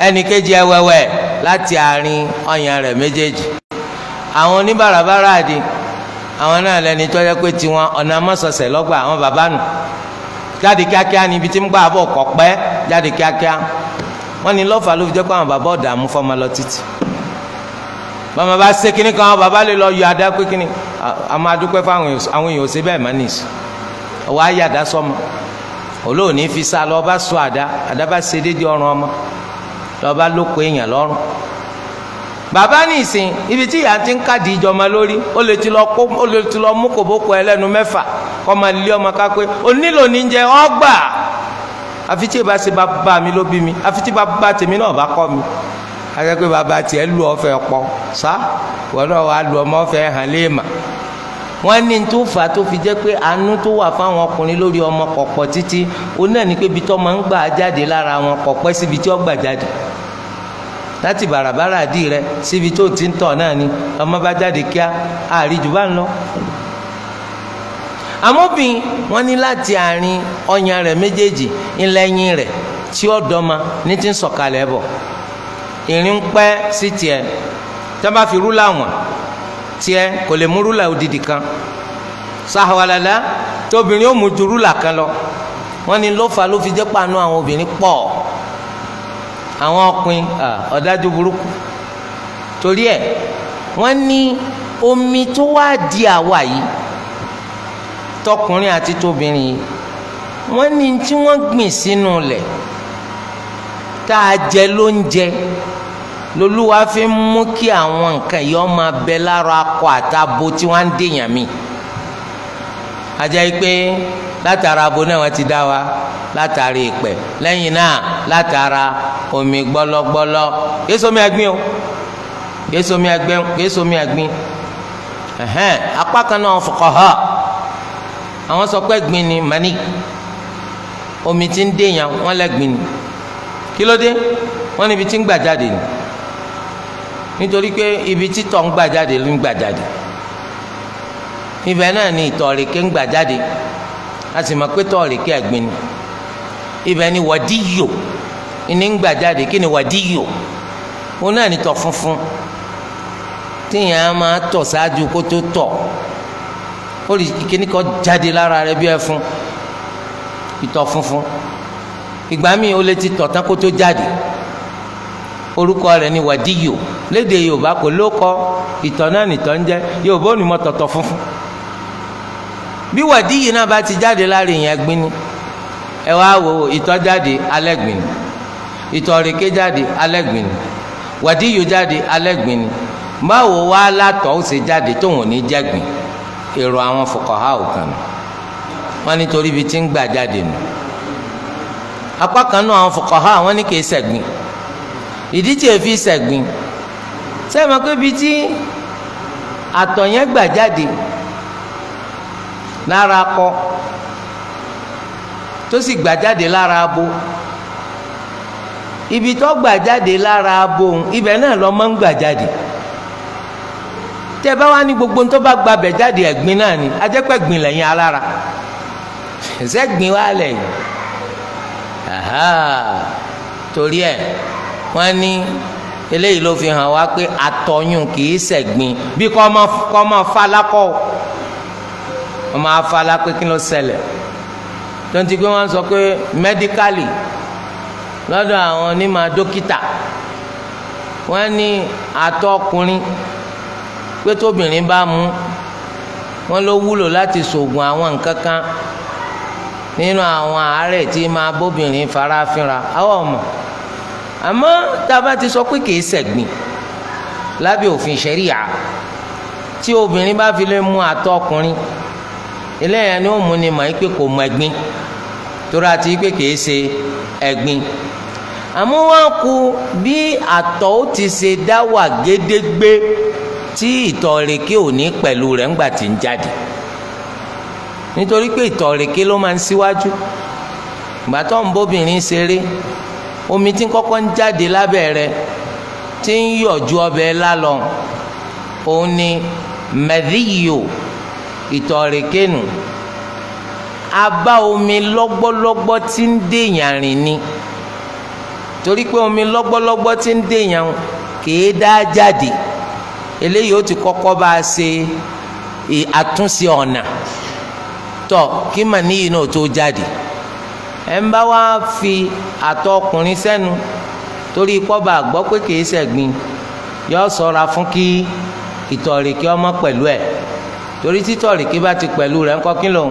Speaker 1: ẹnì kejì ẹ wẹ́wẹ́ láti àárín ọyàn rẹ̀ méjèèjì àwọn oníbarabara àdìí àwọn náà lẹni tó pé tiwọn ọ̀nà mọ́sọ̀sẹ̀ lọ́gbà àwọn bàbá nù jáde kíákíá ni ibi tí ń gbà bọ̀ kọ́ pẹ́ jáde kíákíá wọ́n ní lọ́fà ló fi jẹ́ pé àwọn bàbá ọ̀dààmú fọ́mọ lọ títì bàmà bá ṣe kínní kan àwọn bàbá lè lọ yọ adá pé kínní àmọ́ adúpẹ́ fún àwọn èèyàn ò ṣe bẹ́ẹ̀ mọ́ nìyí ọwọ́ ayé àdá sọmọ olóòní fi sá lọ bá sọ àdá àdá bá ṣe déédéé ọrùn ọmọ lọ bá lóko èèyàn lọ́rùn bàbá nìsín ibi tí ìyá ti ń kádì ìjọba lórí ó lè ti lọ mú kòbókò ẹlẹ́nu mẹ́fà kọ́ máa lé ọmọ ká pé onílò níjẹ ọgbà àfi tí ìbá ṣe bàbá mi ló bí mi àfi tí bàbá tèmi náà bá kọ́ mi akẹ́kọ̀ọ́ bàbá tiẹ̀ lu ọ̀fẹ́ pọ̀ sá wọn náà wàá lu ọmọ ọ̀fẹ́ hàn léèmà wọ́n ní tó fà á tó fi jẹ́ pé àánú tó wà fáwọn ọkùnrin lórí ọmọ kọ̀pọ̀ títí òun náà ní pé ibi tó máa ń gbà jáde lára wọn kọ̀pẹ́ síbi tí ó gbà jáde láti bàràbàrà àdì rẹ síbi tó ti ń tọ̀ náà ni ọmọ bá jáde kíá àríjù bá ń lọ amóbìn wọn ní láti àárín ọyàn rẹ̀ méjèèjì ńlẹ́yìn rẹ̀ tí ó dọ́mà ní ti ń sọ̀kalẹ̀ bọ̀ ìrìn ń pẹ́ sí tiẹ̀ tí wọ́n bá fi rúlà wọ̀n tiẹ̀ kò lè mú rúlà odidi kan sahawalala tóbìnrin ó mú ju rúlà kan lọ wọ́n ní ló fa ló fi jẹ́ pàánù àwọn obìnrin pọ̀ àwọn ọkùnrin ọ̀dájú burúkú torí ẹ̀ wọ́n ní omi tó wá di àwa yìí tọkùnrin àti tóbìnrin yìí wọ́n ní tí wọ́n gbìn sínú lẹ̀ tá a jẹ ló ń jẹ lolúwa fi ń mú kí àwọn nǹkan yìí ọmọ abẹ lára akọ àtabo tí wọ́n á ń dèèyàn mi ajá yìí pé látara abo náà wọ́n ti dá wa látara ìpẹ́ lẹ́yìn náà látara omi gbọlọgbọlọ yéésù omi àgbín o yéésù omi àgbín yéésù omi àgbín ẹ̀hẹ́n apá kan náà fuqaha àwọn sọ pé gbin ni mani omi ti ń dèèyàn wọ́n lẹ́gbin ni kí ló dé wọ́n níbi tí ń gbà jáde ni nítorí pé ibi títọ̀ ń gbà jáde ló ń gbà jáde ibẹ̀ náà ni ìtọ̀ rèké ń gbà jáde a sì mọ̀ pé tọ̀ rèké ẹ̀gbin ni ibẹ̀ ni wàdíyò ní ń gbà jáde kí ni wàdíyò ó náà ni tọ̀ funfun tíyẹn á máa tọ̀ ṣáájú kó tó tọ̀ ó lè kíní kan jáde lára rẹ̀ bí ẹfun ìtọ̀ funfun ìgbà míì ó lè ti tọ̀ tán kó tó jáde orúkọ rẹ̀ ni wàdíyò léde yorùbá kò ló kọ ìtọ̀ náà nìtọ̀ ń jẹ́ yorùbá ò ní mọ tọ̀tọ̀ funfun bí wàdíyì náà bá ti jáde lára èèyàn ẹgbin ni ẹ wá wo ìtọ̀ jáde alẹ́gbin ni ìtọ̀ rèké jáde alẹ́gbin ni wàdíyò jáde alẹ́gbin ni báwo wá látọ̀ ó ṣe jáde tóun ò ní jẹ́gbin èrò àwọn fòkànhá ò kàn ní wọn nítorí ibi tí ń gbà jáde nù apá kan náà àwọn fòkànhá wọn ní kì í ṣẹ̀gbin ìdí tí èéfi sẹ̀gbìn sẹ́yìn mọ̀ pé ibi tí àtọ̀ yẹn gbà jáde lára akọ tó sì gbà jáde lára abo ibi tó gbà jáde lára abo ibẹ̀ náà lọ́ máa ń gbà jáde tẹ bá wá ní gbogbo tó bá gbabẹ̀ jáde ẹ̀gbin náà ni ajẹ́pẹ́ gbin lẹ́yìn alára ẹ̀sẹ̀ gbin wá lẹ̀ torí ẹ̀ wọ́n ní eléyìí ló fi hàn wá pé àtọyún kìí ṣẹ̀gbin bí kò ọmọ kò ọmọ falakọ ọmọ afala pé kí ló ṣẹlẹ̀ tó ń ti pé wọ́n sọ pé mẹ́díkálì lọ́dọ̀ àwọn onímọ̀ dókítà wọ́n ní àtọ̀ ọkùnrin pé tóbìnrin bá mú wọ́n ló wúlò láti ṣògùn àwọn nǹkan kan nínú àwọn àárẹ̀ tí máa bóbìnrin fara àwọn ọmọ àmọ́ tá a bá ti sọ pé kìí ṣẹ̀gbìn lábẹ́ òfin ṣẹ̀ríyà tí obìnrin bá fi lè mú àtọ̀ ọkùnrin eléyà ni ó mú ni màá pé kò mọ ẹ̀gbin torí àti pé kìí ṣe ẹ̀gbin àmọ́ wọn kú bí àtọ̀ ó ti ṣe dá wà gédégbé tí ìtọ̀rẹ̀kẹ́ ò ní pẹ̀lú rẹ̀ ńgbà tí ń jáde nítorí pé ìtọ̀rẹ̀kẹ́ ló máa ń síwájú ìgbà tó ń bóbìnrin ṣeré omi tí kọ́kọ́ ń jáde lábẹ́ rẹ̀ tí ń yọ̀ ju ọbẹ̀ lálọ òun ni mẹ́díyò ìtọ̀rẹ̀kẹ́nu abá omi lọ́gbọ́lọ́gbọ́ tí ń dèèyàn rìn ni torí pé omi lọ́gbọ́lọ́gbọ́ tí ń dèèyàn kìí dá jáde eléyìí ó ti kọ́kọ́ bá a ṣe e, àtúnṣe ọ̀nà tó kí màníyì náà tó jáde. No ẹ ń bá wá fi àtọ̀ ọkùnrin sẹ́nu torí kọ́ba àgbọ́ pé kìí ṣẹ̀gbin yọ ṣọ́ra fún kí ìtọ̀rìkì ọmọ pẹ̀lú ẹ̀ torí títọ̀rìkì bá ti pẹ̀lú rẹ̀ ńkọ́ kí lòun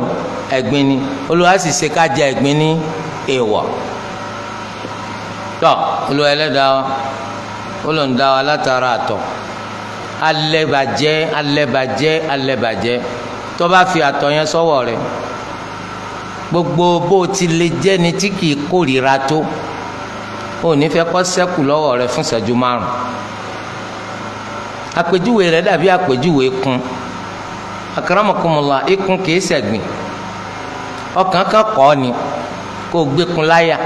Speaker 1: ẹ̀gbin ni Olúwa sì ṣe ká jẹ ẹ̀gbin ní èèwọ̀ tọ́ Olúwa ẹlẹ́dàá wa ó lòun dá wa látara àtọ̀ alẹ́bàjẹ́ alẹ́bàjẹ́ alẹ́bàjẹ́ tó fi àtọ̀ yẹn sọ́wọ́ rẹ̀ gbogbo bó o ti lè jẹ́ni tí kì í kórìíra tó o ní fẹ́ kọ́ sẹ́kù lọ́wọ́ rẹ fún ìṣẹ́jú márùn àpèjúwe rẹ dàbí àpèjúwe kun akaramakumula ikun kìí ṣẹ̀gbin ọkàn kan kọ́ ni kó o gbé kun láyà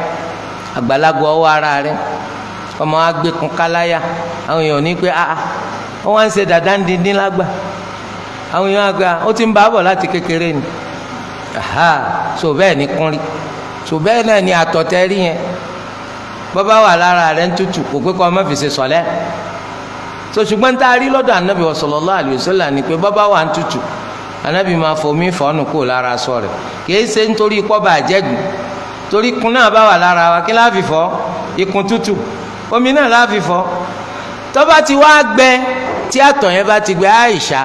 Speaker 1: àgbàlagbà ọwọ́ ara rẹ ọmọ wa gbé kun káláyà àwọn èèyàn ní pé ah, ah wọ́n wá ń ṣe dàda ń dín dín lágbà àwọn èèyàn àgbà ah, ó ti ń bá bọ̀ láti kékeré ni aha so bẹ́ẹ̀ ni kúnrí so bẹ́ẹ̀ náà ni àtọ̀tẹ́ rí yẹn bọ́bá wà lára rẹ̀ ń tutù kò pé kọ́ ọ má fi ṣe sọ̀lẹ́ so ṣùgbọ́n tá a rí lọ́dọ̀ anabi wa sallallahu alayhi wa sallam ni pé bọ́bá wà ń tutù anabi máa fomi fọ́ọ̀nù kó lára sọ rẹ̀ kìí ṣe nítorí kọ́ba àjẹ́gùn torí kun náà bá wà lára wa kí láàfi fọ́ ikun tutù omi náà láàfi fọ́ tọ́ba ti wá gbẹ tí àtọ̀ yẹn bá ti gbẹ Àìṣà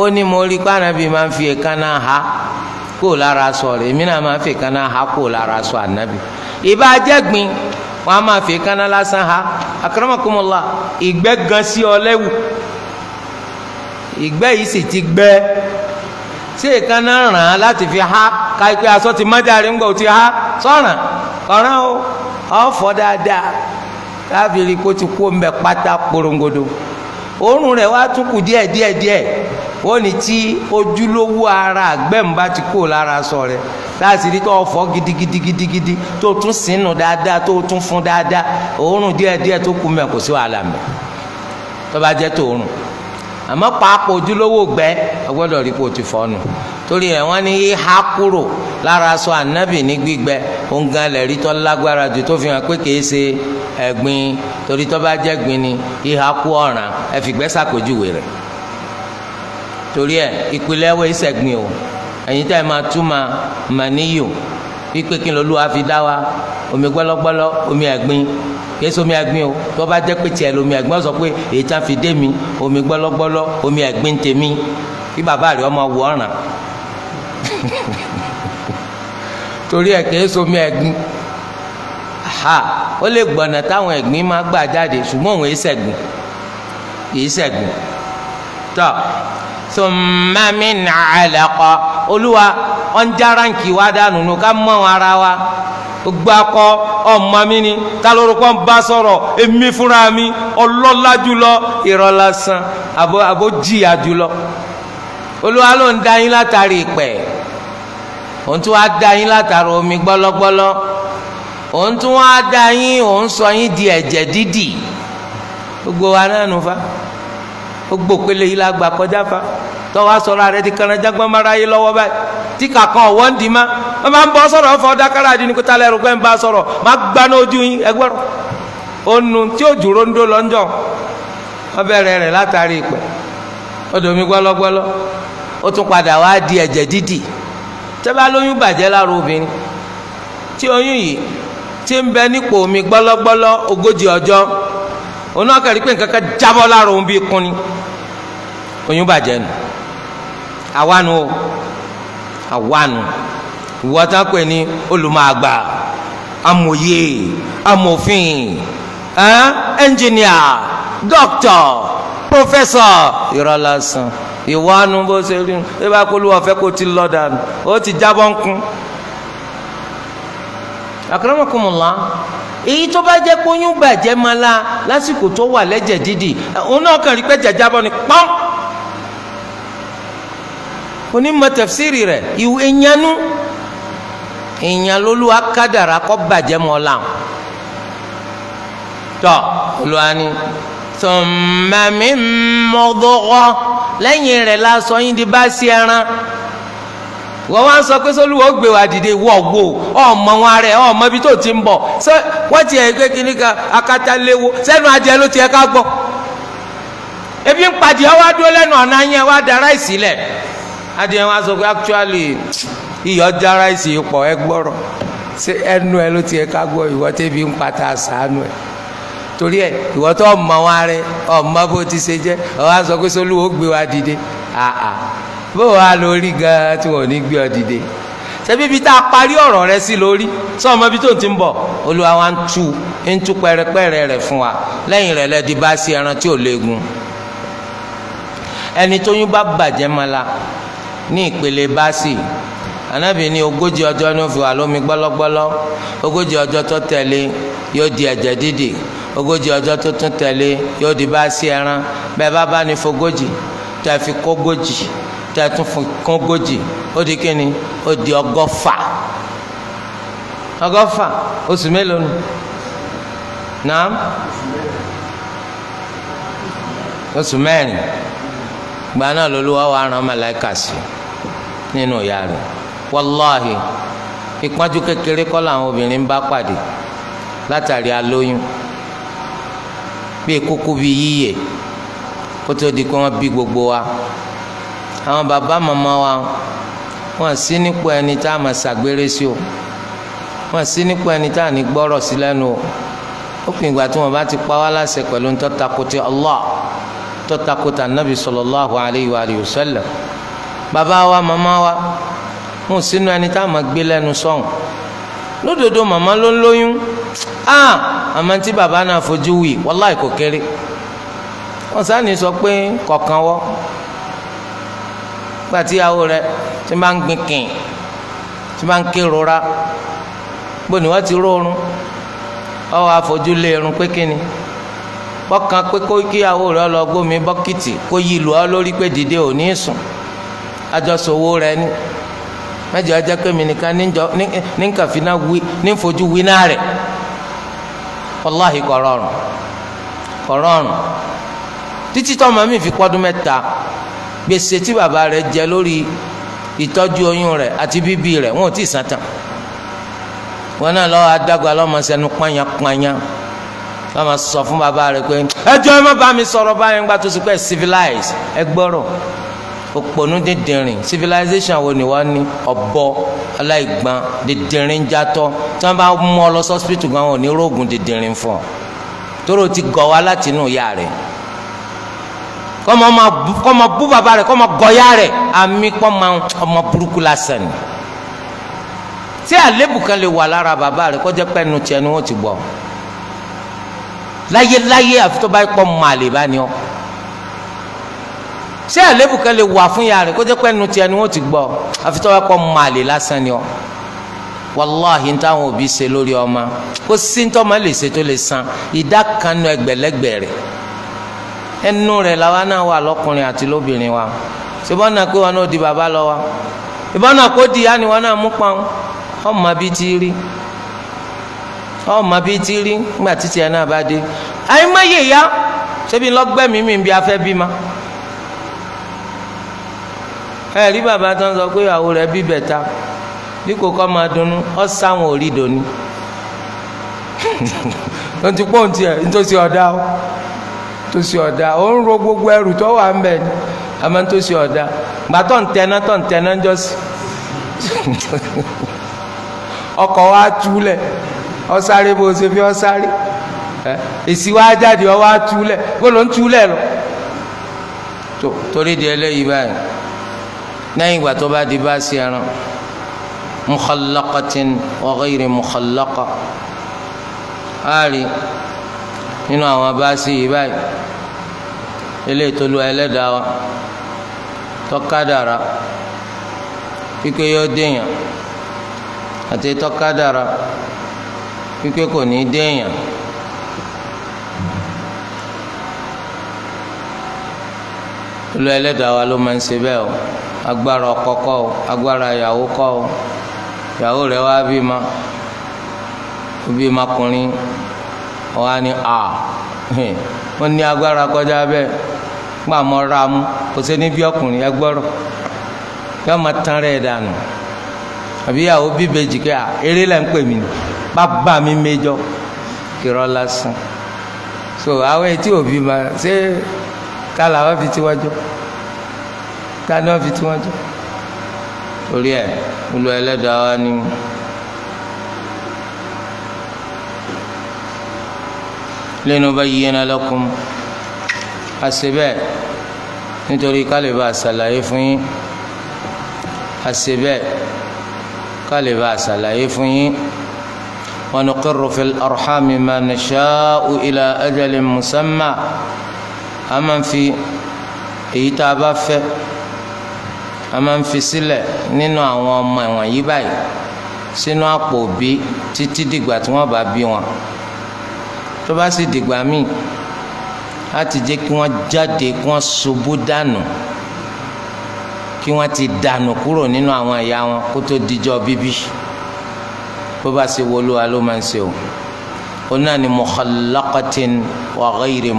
Speaker 1: ó ní mo rí pé anabi máa ń fi èékánná ha kó lára aṣọ rẹ̀ èmi náà máa fi kaná ha kó lára aṣọ ànábì ìbá jẹ́gbin wọn máa fi kaná lásán ha akaramakomola ìgbẹ́ gan sí ọ lẹ́wù ìgbẹ́ yìí sì ti gbẹ ṣé ìkaná ràn án láti fi ha káyipẹ́ aṣọ ti májàre ńgbà ó ti ha sọ̀ràn ọ̀ràn o ọ̀fọ̀ dáadáa káfíìrì kó ti kó mbẹ pátá porongodo òórùn rẹ̀ wá tún kù díẹ̀ díẹ̀ díẹ̀. díẹ̀ wọ́n ní tí ojúlówó ara àgbẹ̀mbá ti kó lára sọ rẹ̀ láti rí tó fọ́ gidigidigidigidi tó tún sínú dáadáa tó tún fún dáadáa òórùn díẹ̀díẹ̀ tó kú mẹ́ kò sí wàhálà mẹ́ tó bá jẹ́ tòórùn àmọ́ pàápàá ojúlówó gbẹ́ torí ẹ̀ wọ́n ní há kúrò lára ànábì ní gbígbẹ tó lágbára tó fi hàn pé torí bá jẹ́ gbin ni ìhà kú ọ̀ràn torí ẹ ìpìlẹ̀ ẹwẹ́ ìṣẹ̀gbìn o ẹ̀yin tá ẹ máa túmọ̀ màníyò wípé kí n lọ́lú àfi dá wa omi gbọ́lọ́gbọ́lọ́ omi ẹ̀gbin kìí ṣe omi ẹ̀gbin o tó bá jẹ́ pé tiẹ̀ lomi ẹ̀gbin ó pé èyí tá fi dé mi omi gbọ́lọ́gbọ́lọ́ omi ẹ̀gbin tèmi kí bàbá rẹ̀ ọmọ wọ ọ̀ràn (laughs) torí ẹ kìí omi ẹ̀gbin ha ó lè gbọ̀nà táwọn ẹ̀gbin máa gbà jáde ṣùgbọ́n òun èyí ṣẹ̀gbin èyí thumma min alaqa olúwa ọ̀njà ránkì wa dànù nù ká mọ̀ ara wa gbakọ ọmọ mi ni talorokọ ń bá sọ̀rọ̀ èmi fúnra mi ọlọ́lá jùlọ irọ́ lásán àbó àbó jìyà jùlọ olúwa ló ń dá yín látàrí ìpẹ́ òun tún wá dá yín látàrí omi gbọ́lọ́gbọ́lọ́ òun tún wá dá yín òun sọ yín di ẹ̀jẹ̀ dídì gbogbo wa náà nù fa gbogbo pele yìí la gbà kọjá fa tọ́wọ́ asọ̀rọ̀ rẹ ti kànáà jágbọ́n mara yìí lọ́wọ́ báyìí tí kàkan ọ̀wọ́ ń di ma wọ́n máa ń bọ́ sọ̀rọ̀ ọ̀fọ̀ dákàrà àdín ní kúta lẹ́rù pé ń bá sọ̀rọ̀ má gbá ní ojú yín ẹgbẹ́rún onu tí ó dúró ń dó lọ́njọ́ wọ́n bẹ̀rẹ̀ rẹ̀ látàrí ìpẹ́ ó domi gbọ́lọ́gbọ́lọ́ ó tún padà wá di ẹ̀jẹ̀ dídì tẹ́ bá lóyún bàjẹ́ lára obìnrin tí oyún yìí ti ń bẹ nípò omi gbọ́lọ́gbọ́lọ́ ogójì ọjọ́ òun náà kẹ́rì pé nǹkan kan jábọ́ lára òun bíi kunni oyún bàjẹ́ nù àwánu àwánu ìwọ́ta pè ní olùmọ̀àgbà amòye amòfin ẹnjìníà dókítà pọfẹsọ irọ́ lásán ìwọ́nu bó ṣe rí ẹ bá kó lóò ọ̀fẹ́ kó ti lọ dànù ó ti jábọ́ ń kún. àkàràmọ̀kùnmọ̀lá èyí tó bá jẹ́ pé oyún bàjẹ́ máa la lásìkò tó wà lẹ́jẹ̀ dídì òun náà kàn rí pé jẹ̀jábọ́ ni pọ́n onímọ̀ tafsiri rẹ̀ ìwé ìyanu ìyàn lólu akádàrà kọ́ bàjẹ́ mọ́ làwọn tọ́ olùwàní thumma min mudgha lẹ́yìn rẹ̀ la sọ yín di bá sí ẹran wọ́n wá ń sọ pé sólùwọ́ gbé wa dìde wọ́ gbó ọmọ wọn rẹ̀ ọmọ ibi tó ti ń bọ̀ ṣé wọ́n ti ẹ̀ gbé kínní kan akátá léwo sẹ́nu adìẹ ló ti ẹ̀ ká gbọ́ ebi ń padì ọ wá dúró lẹ́nu ọ̀nà yẹn wá da ráìsì adìyẹ wọn sọ pé actually iyọ̀ já ráìsì pọ̀ ẹ gbọ́rọ̀ ṣé ẹnu ẹ ló ti ẹ ká gbọ́ ìwọ tẹ́bi ń pata sànú ẹ torí ẹ ìwọ tó ọmọ wa rẹ ọmọ bó ti ṣe jẹ ọ wá sọ pé sọlúwo gbé wa dìde àà bó wa lórí gan tí wọn ò ní gbé ọ dìde ṣebí ibi tá a parí ọ̀rọ̀ rẹ sí lórí sọ ọmọ ibi tó ti ń bọ̀ olúwa wa ń tu ń tu pẹrẹpẹrẹ rẹ fún wa lẹ́yìn rẹ̀ lẹ́ẹ̀dì bá sí ẹran tí ò léegun ẹni tóyún bá bàjẹ́ mọ́ la ní ìpele báàsì anabi ní ogójì ọjọ́ ní ó fi wà lómi gbọ́lọ́gbọ́lọ́ ogójì ọjọ́ tó tẹ̀lé yóò di ẹ̀jẹ̀ dídì ogójì ọjọ́ tó tún tẹ̀lé yóò di báàsì ẹran bẹ́ẹ̀ bá bá ní fogójì tẹ̀ fi kógójì tẹ̀ tún fi kógójì ó di kíni ó di ọgọ́fà ọgọ́fà oṣù mélòó ni naam oṣù mẹ́rin gbaná lóluwà wà rán màláìka sí i nínú ìyá rẹ̀ wàláhì ìpájú kékeré kọ́ làwọn obìnrin ń bá pàdé látàrí alóyún bíi kúkú bíi yíyẹ kó tó di pé wọ́n bí gbogbo wa àwọn bàbá màmá wa wọ́n sí nípò ẹni tá a máa ṣàgbére sí o wọ́n sí nípò ẹni tá a ní gbọ́rọ̀ sí lẹ́nu o ó pin ìgbà tí wọ́n bá ti pa wá láṣẹ pẹ̀lú ń tọ́takùtì Allah tọ́takùtà nàbì sallallahu alayhi wa sallam. Baba wa màmá wa wọn ò sínú ẹni tá a máa gbé lẹ́nu sọ̀hún lódodo màmá ló ń lóyún ah àmọ́ tí bàbá náà fojú wì wàláì kò kéré wọn sáà ní sọ pé kọ̀ọ̀kan wọ́ gbàtíyàwó rẹ tí bá ń gbin kìn tí bá ń kérora bó ni wọ́n ti rọrùn ọwọ́ àfojúlé irun pé kíni bọ́kan pé kó kíyàwó rẹ lọ gbómi bọ́kìtì kó yí lù ọ́ lórí pé dìde ò sùn àjọsòwò rẹ ni mẹjọ ajá pé mi nìkan ní nkàfínà wí ní nfojú wí náà rẹ wàláhì kọrọrùn kọrọrùn títí tọmọ mi fi pọdún mẹ́ta gbèsè tí bàbá rẹ jẹ lórí ìtọ́jú oyún rẹ̀ àti bíbí rẹ̀ wọn ò tí ì san tán wọn náà lọ́wọ́ adágba lọ́mọ sẹ́nu pányápányá lọ́mọ sọ fún bàbá rẹ̀ pé ẹjọ́ ẹ má bá mi sọ̀rọ̀ báyìí ńgbà tó sì pé civilize ẹ gbọ́rọ̀ òpònú dídìrín civilization wo ni wọ́n ní ọ̀bọ aláìgbọ́n dídìrín jatọ́ tí wọ́n bá mú ọ lọ sọ́sìpìtì gan wọn ò ní róògùn dídìrín fún ọ tóró ti gọ̀ wá láti inú ìyá rẹ̀ kọ́mọ bú bàbá rẹ̀ kọ́mọ gọ̀yà rẹ̀ àmì pọ́nmọ ọmọ burúkú lásán ni tí àlébù kan lè wà lára bàbá rẹ̀ kọjá pẹ́ẹ́nu tiẹ̀ ni wọ́n ti gbọ́ láyéláyé àfi tó bá yẹ àlè bá ní ọ ṣé àlébù kan lè wà fún yàrá kó jẹ́ pé ẹnu tiẹ̀ ni wọ́n ti gbọ́ àfi tọ́wọ́ kọ́ màlè lásán ni ọ wàláhì ń táwọn òbí ṣe lórí ọmọ kó sí ń tọ́mọ lè ṣe tó lè san ìdá kan nu ẹgbẹ̀lẹ́gbẹ̀ rẹ̀ ẹnu rẹ̀ làwa náà wà lọ́kùnrin àti lóbìnrin wa ṣùgbọ́n náà pé wọn náà di bàbá lọ wa ìbọn náà kó di yáni wọn náà mú pa ọmọ bíi ti rí ọmọ bíi ti rí nígbà títí ẹ náà bá dé àyè má yè ya ṣébi lọ́gbẹ́mìí mi bí afẹ́ bí ma. ẹ bàbá tó ń sọ pé ìyàwó rẹ̀ bí bẹ̀ta kọ́ máa dunnú ọ́ sáwọn ò dòní ló ti pọ́ùn tiẹ̀ nítòsí ọ̀dà ó tòsí ọ̀dà ó ń ro gbogbo ẹrù tó wà ń bẹ̀ ni àmọ́ nítòsí ọ̀dà gbà tó ń tẹná tó ń tẹná ń jọ́sí ọkọ̀ wa túlẹ̀ ọ sáré bó ṣe fi ọ sáré èsì wa jáde ọ wa túlẹ̀ bó ló ń túlẹ̀ lọ torí di ẹlẹ́yìí báyìí. lẹ́yìn ìgbà tó bá di bá sí ẹran mukhalaqatin wa ghayri mukhalaqa á rí nínú àwọn bá sí yìí báyìí ilé ìtolú ẹlẹ́dàá wa tọ́kádàrá pípé yóò déèyàn àti tọ́kádàrá pípé kò ní déèyàn. olú ẹlẹ́dàá wa ló máa ń ṣe bẹ́ẹ̀ o agbára ọkọ kọ́ o agbára ìyàwó kọ́ o ìyàwó rẹ̀ wá bí ma bí ma wá ní a ó ní agbára kọjá bẹ́ẹ̀ pàmò ra mu kò sí ní bí ọkùnrin ẹ gbọ́rọ̀ yóò máa tán rẹ̀ dànù àbí ìyàwó bíbejì kẹ́ à eré lẹ́ ń pè mí ni bàbá mi méjọ kìrọ́ lásán so àwọn etí òbí ma ṣé kálá wọn fi tiwájú ta ni wọ́n fi tiwọn jẹ torí ẹ̀ olú ẹlẹ́dàá wa ni. لنبين لكم àṣebẹ nítorí kálíbà àṣàlàyé fún yín àṣebẹ kálíbà àṣàlàyé fún yín wa nuqirru fil arhami ma nasha'u ila ajalin musamma a máa fi èyí tá a bá fẹ́ a máa ń fi sílẹ̀ nínú àwọn ọmọ ẹ̀wọ̀n yìí báyìí sínú àpò òbí títí dìgbà tí wọ́n bá bí wọn tó bá sì dìgbà míì láti jẹ́ kí wọ́n jáde kí wọ́n ṣubú dànù kí wọ́n ti dànù kúrò nínú àwọn ìyá wọn kó tó dijọ́ bíbí bó bá ṣe wọlé wa ló máa ń ṣe o ó náà ní mukhalaqatin wa ghayri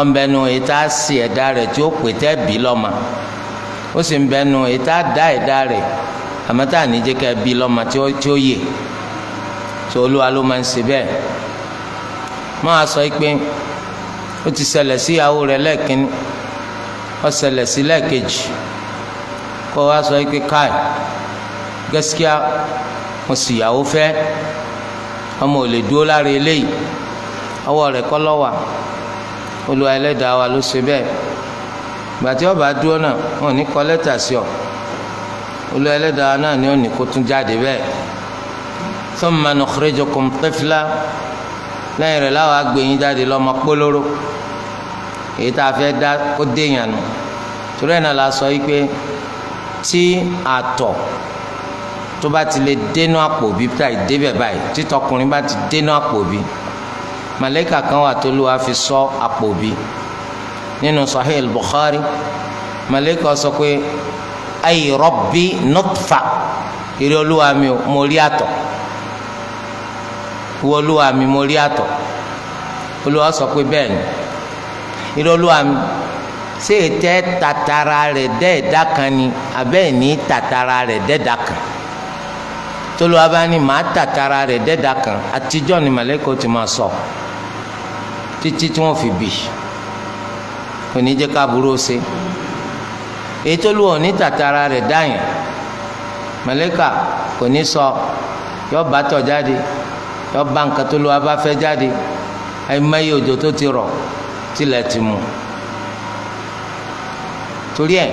Speaker 1: ọ̀nbẹ́nu ìta sí ẹ̀dá rẹ̀ tí ó pè tẹ́ bí lọ́mọ ó sì ń bẹnu ìta dá ẹ̀dá rẹ̀ àmọ́ tá à ní jẹ́ ká bí lọ́mọ tí ó yè tó olúwa ló máa ń ṣe bẹ́ẹ̀ mọ́ a sọ ó ti ṣẹlẹ̀ sí ìyàwó rẹ̀ lẹ́ẹ̀kínní ó ṣẹlẹ̀ sí lẹ́ẹ̀kejì kó wa sọ pé káì gaskiya mo sì yàwó fẹ́ ọmọ ò lè dúró lára eléyìí ọwọ́ rẹ̀ kọ́ lọ́wà olúwa ẹlẹ́dàá wa ló ṣe bẹ́ẹ̀ gbàtí ọba dúró náà wọn ò ní kọ lẹ́tà sí ọ olú ẹlẹ́dàá náà ni ó ní kó tún jáde bẹ́ẹ̀ thumma nukhrijukum tifla lẹ́yìn rẹ̀ láwọn agbèyìn jáde lọ́mọ kpólóró èyí tá a fẹ́ dá kó déyàn nù torí ẹ̀ náà la sọ yìí pé tí àtọ̀ tó bá ti lè dénú àpò bí táì débẹ̀ báyìí títọkùnrin bá ti dénú àpò bí màlẹ́kà kan wà tó lù wá fi sọ àpò bí. So, nínú sahih al-bukhari malayika sọ pé ayi rabbi nutfa ìrẹ olúwa mi mo rí àtọ̀ ìwọ olúwa mi mo rí àtọ̀ olúwa sọ pé bẹ́ẹ̀ ni ìrẹ olúwa mi ṣé ètẹ tatara rẹ̀ dẹ́ẹ̀dá kan ni abẹ́ẹ̀ ní tatara rẹ̀ dẹ́ẹ̀dá kan tolúwa bá ní màá tatara rẹ̀ dẹ́ẹ̀dá kan àtijọ́ ni malayika ti máa sọ títí tí wọ́n fi bì í oníjẹ́ ká burú ṣe èyí tó lù ọ́ ní tàtàrà rẹ̀ dáyìn màlẹ́kà kò ní sọ yọ bá tọ̀ jáde yọ bá nǹkan tó lù abá fẹ́ jáde àìmọye òjò tó ti rọ̀ tilẹ̀ ti mú torí ẹ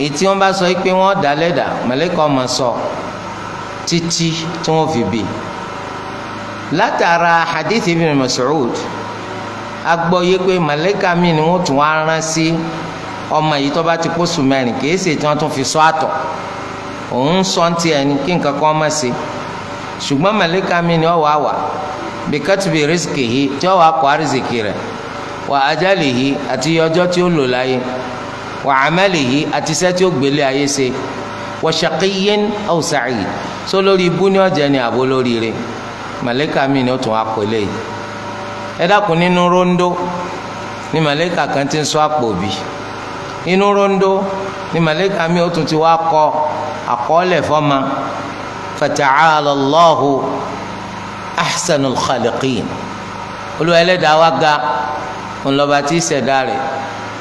Speaker 1: èyí tí wọ́n bá sọ pé wọ́n dá lẹ́dà màlẹ́kà ọmọ sọ títí tí wọ́n fi bì látara hadith ibn Mas'ud agbọ́ yé pé màlẹ́kà mi ni wọ́n tún wá rán sí ọmọ yìí tó bá ti pósù mẹ́rin kìí ṣe tí wọ́n tún fi sọ àtọ̀ òun sọ ń tiẹ̀ ni kí nǹkan kan má ṣe ṣùgbọ́n màlẹ́kà mi ni ọ̀wà wà bìkẹ́tìbì rìsíkì yìí tí ọ̀wà kọ́ àrísìkì rẹ̀ wà ájálì yìí àti ọjọ́ tí ó lò láyé wà àmàlì yìí àti iṣẹ́ tí ó gbélé ayé ṣe wà ṣàkíyín ọ̀sàáyì sólórí ibú ni ọ̀jẹ̀ ni àbólóríire màlẹ́kà mi ni ó tún wá pẹ̀lẹ́ yìí ẹ dákun nínú rondo ni màlẹ́kà kan ti ń ṣọ́ àpò bí inú rondo ni màlẹ́kà mi ó tún ti wá kọ àkọọ́lẹ̀ fọ́ma fata'ala Allahu ahsanul khaliqin olúwa ẹlẹ́dàá wa ga ńlọba tí ṣẹ̀dá rẹ̀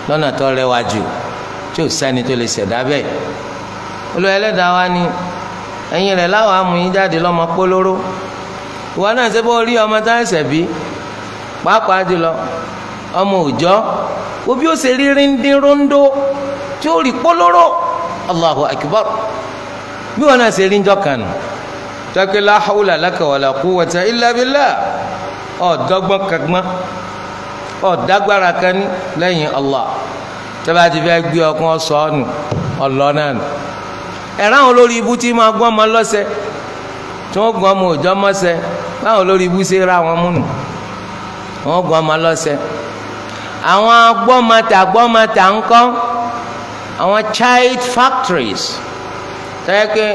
Speaker 1: lọ́nà tó rẹwà jù tí ò sẹ́ni tó lè ṣẹ̀dá bẹ́ẹ̀ olúwa ẹlẹ́dàá wa ni ẹ̀yin rẹ̀ láwọn amúyín jáde lọ́mọ pólóró náà ṣe bó rí ọmọ tá ẹsẹ̀ bí pàápàá jùlọ ọmọ òòjọ́ wo bí ó ṣe rí ríndín róńdó tí ó rí pólóró allahu akbar bí wọn náà ṣe rí njọ́ kan nù tọ́kí la hawla laka wala quwwata illa billah ọ̀dọ́gbọ́n kagbọ́n ọ̀dágbára kan ní lẹ́yìn allah tẹ́lá ti fẹ́ gbé ọkàn sọ́ọ̀nù ọ̀lọ́nà nù ẹ̀rọ àwọn olórí ibú tí máa gbọ́n ọmọ lọ́sẹ̀ tí wọ́n gbọ́n ọmọ òòjọ́ mọ́sẹ̀ báwọn olórí ibú ṣe ra wọn múnù wọn gún ọmọ lọ́sẹ̀ àwọn agbọ́mọta agbọ́mọta ńkọ́ àwọn child factories tẹ́lẹ̀ pé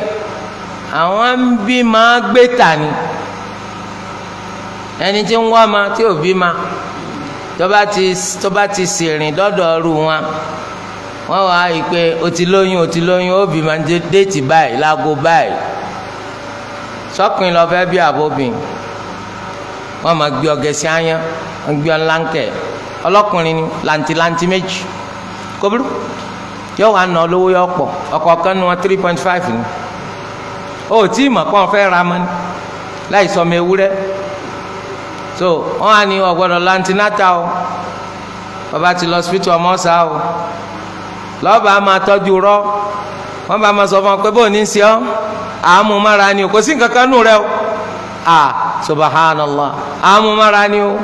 Speaker 1: àwọn ń bí máa gbé ta ni ẹni tí ń wá ma tí ò bí ma tọ́ba ti tọ́ba ti sìrìn lọ́dọ̀ ọrù wọn wọ́n wá yìí pé o ti lóyún o ti lóyún ó bí ma déètì báyìí láago báyìí sọ́kùnrin lọ́ọ́ fẹ́ bí àbóbìn. So wọ́n máa gbé ọ̀gẹ̀ sí àyàn wọ́n gbé ọ̀nláńkẹ̀ ọlọ́kùnrin ni làǹtìlàǹtì méjì kò burú yóò wá nà ọ́ lówó yóò pọ̀ ọ̀kọ̀ọ̀kan nu wọn three point five ni ó tí ì mọ̀ pọ́n fẹ́ ra mọ́ ni láì sọmọ ewúrẹ́ so wọ́n á ní ọ̀gbọ́dọ̀ làǹtìnátà o bàbá ti lọ sípítù ọmọ sá o lọ́ọ̀bà máa tọ́jú rọ́ wọ́n bá máa sọ fún ọ pé bóun ní í ṣe ọ́ àmúmára ni o kò sí nǹkan kan nù rẹ o à. Ah subhanallah amumára ni o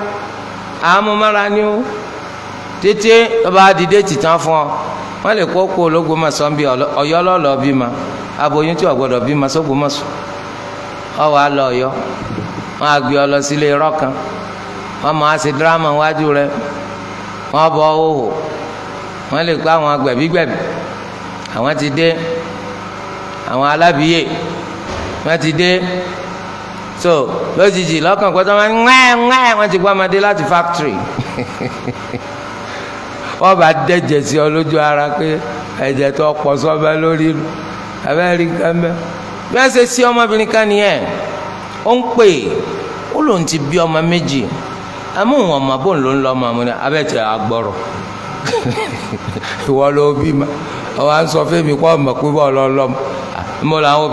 Speaker 1: amumára ni o tètè ọba dìde tìtàn fún ọ wọn lè kó kó ológun ma sọ bí ọyọ lọlọ bí ma aboyún tí o gbọ́dọ̀ bí ma sógun ma sùn ọwọ alọ ọyọ wọn àgbẹ ọ lọ sílé irọ́ kan wọn máa ṣe dírámà wájú rẹ wọn bọ òhò wọn lè kó àwọn gbẹ̀bígbẹ̀bí àwọn ti dé àwọn alábìyè wọn ti dé. so lojiji lọkàn pẹ́ tó máa ń wẹ́ẹ́ wẹ́ẹ́ wọ́n factory (laughs) wọ́n bá dẹ́jẹ̀ sí ara pé ẹ̀jẹ̀ tó pọ̀ lórí abẹ́rẹ́ gẹ́mẹ́ bẹ́ẹ̀ ṣe sí ọmọbìnrin kan nìyẹn ó ń pè ó lòun ti bí ọmọ méjì amóhùn ọmọ bóun ló ń lọ ọmọ àmúni abẹ́tẹ̀ agbọ́rọ̀ (laughs) ìwọ ló ma ọ wá ń sọ fún mi kó ọmọ pé bọ́ọ̀ lọ́mọ mo làwọn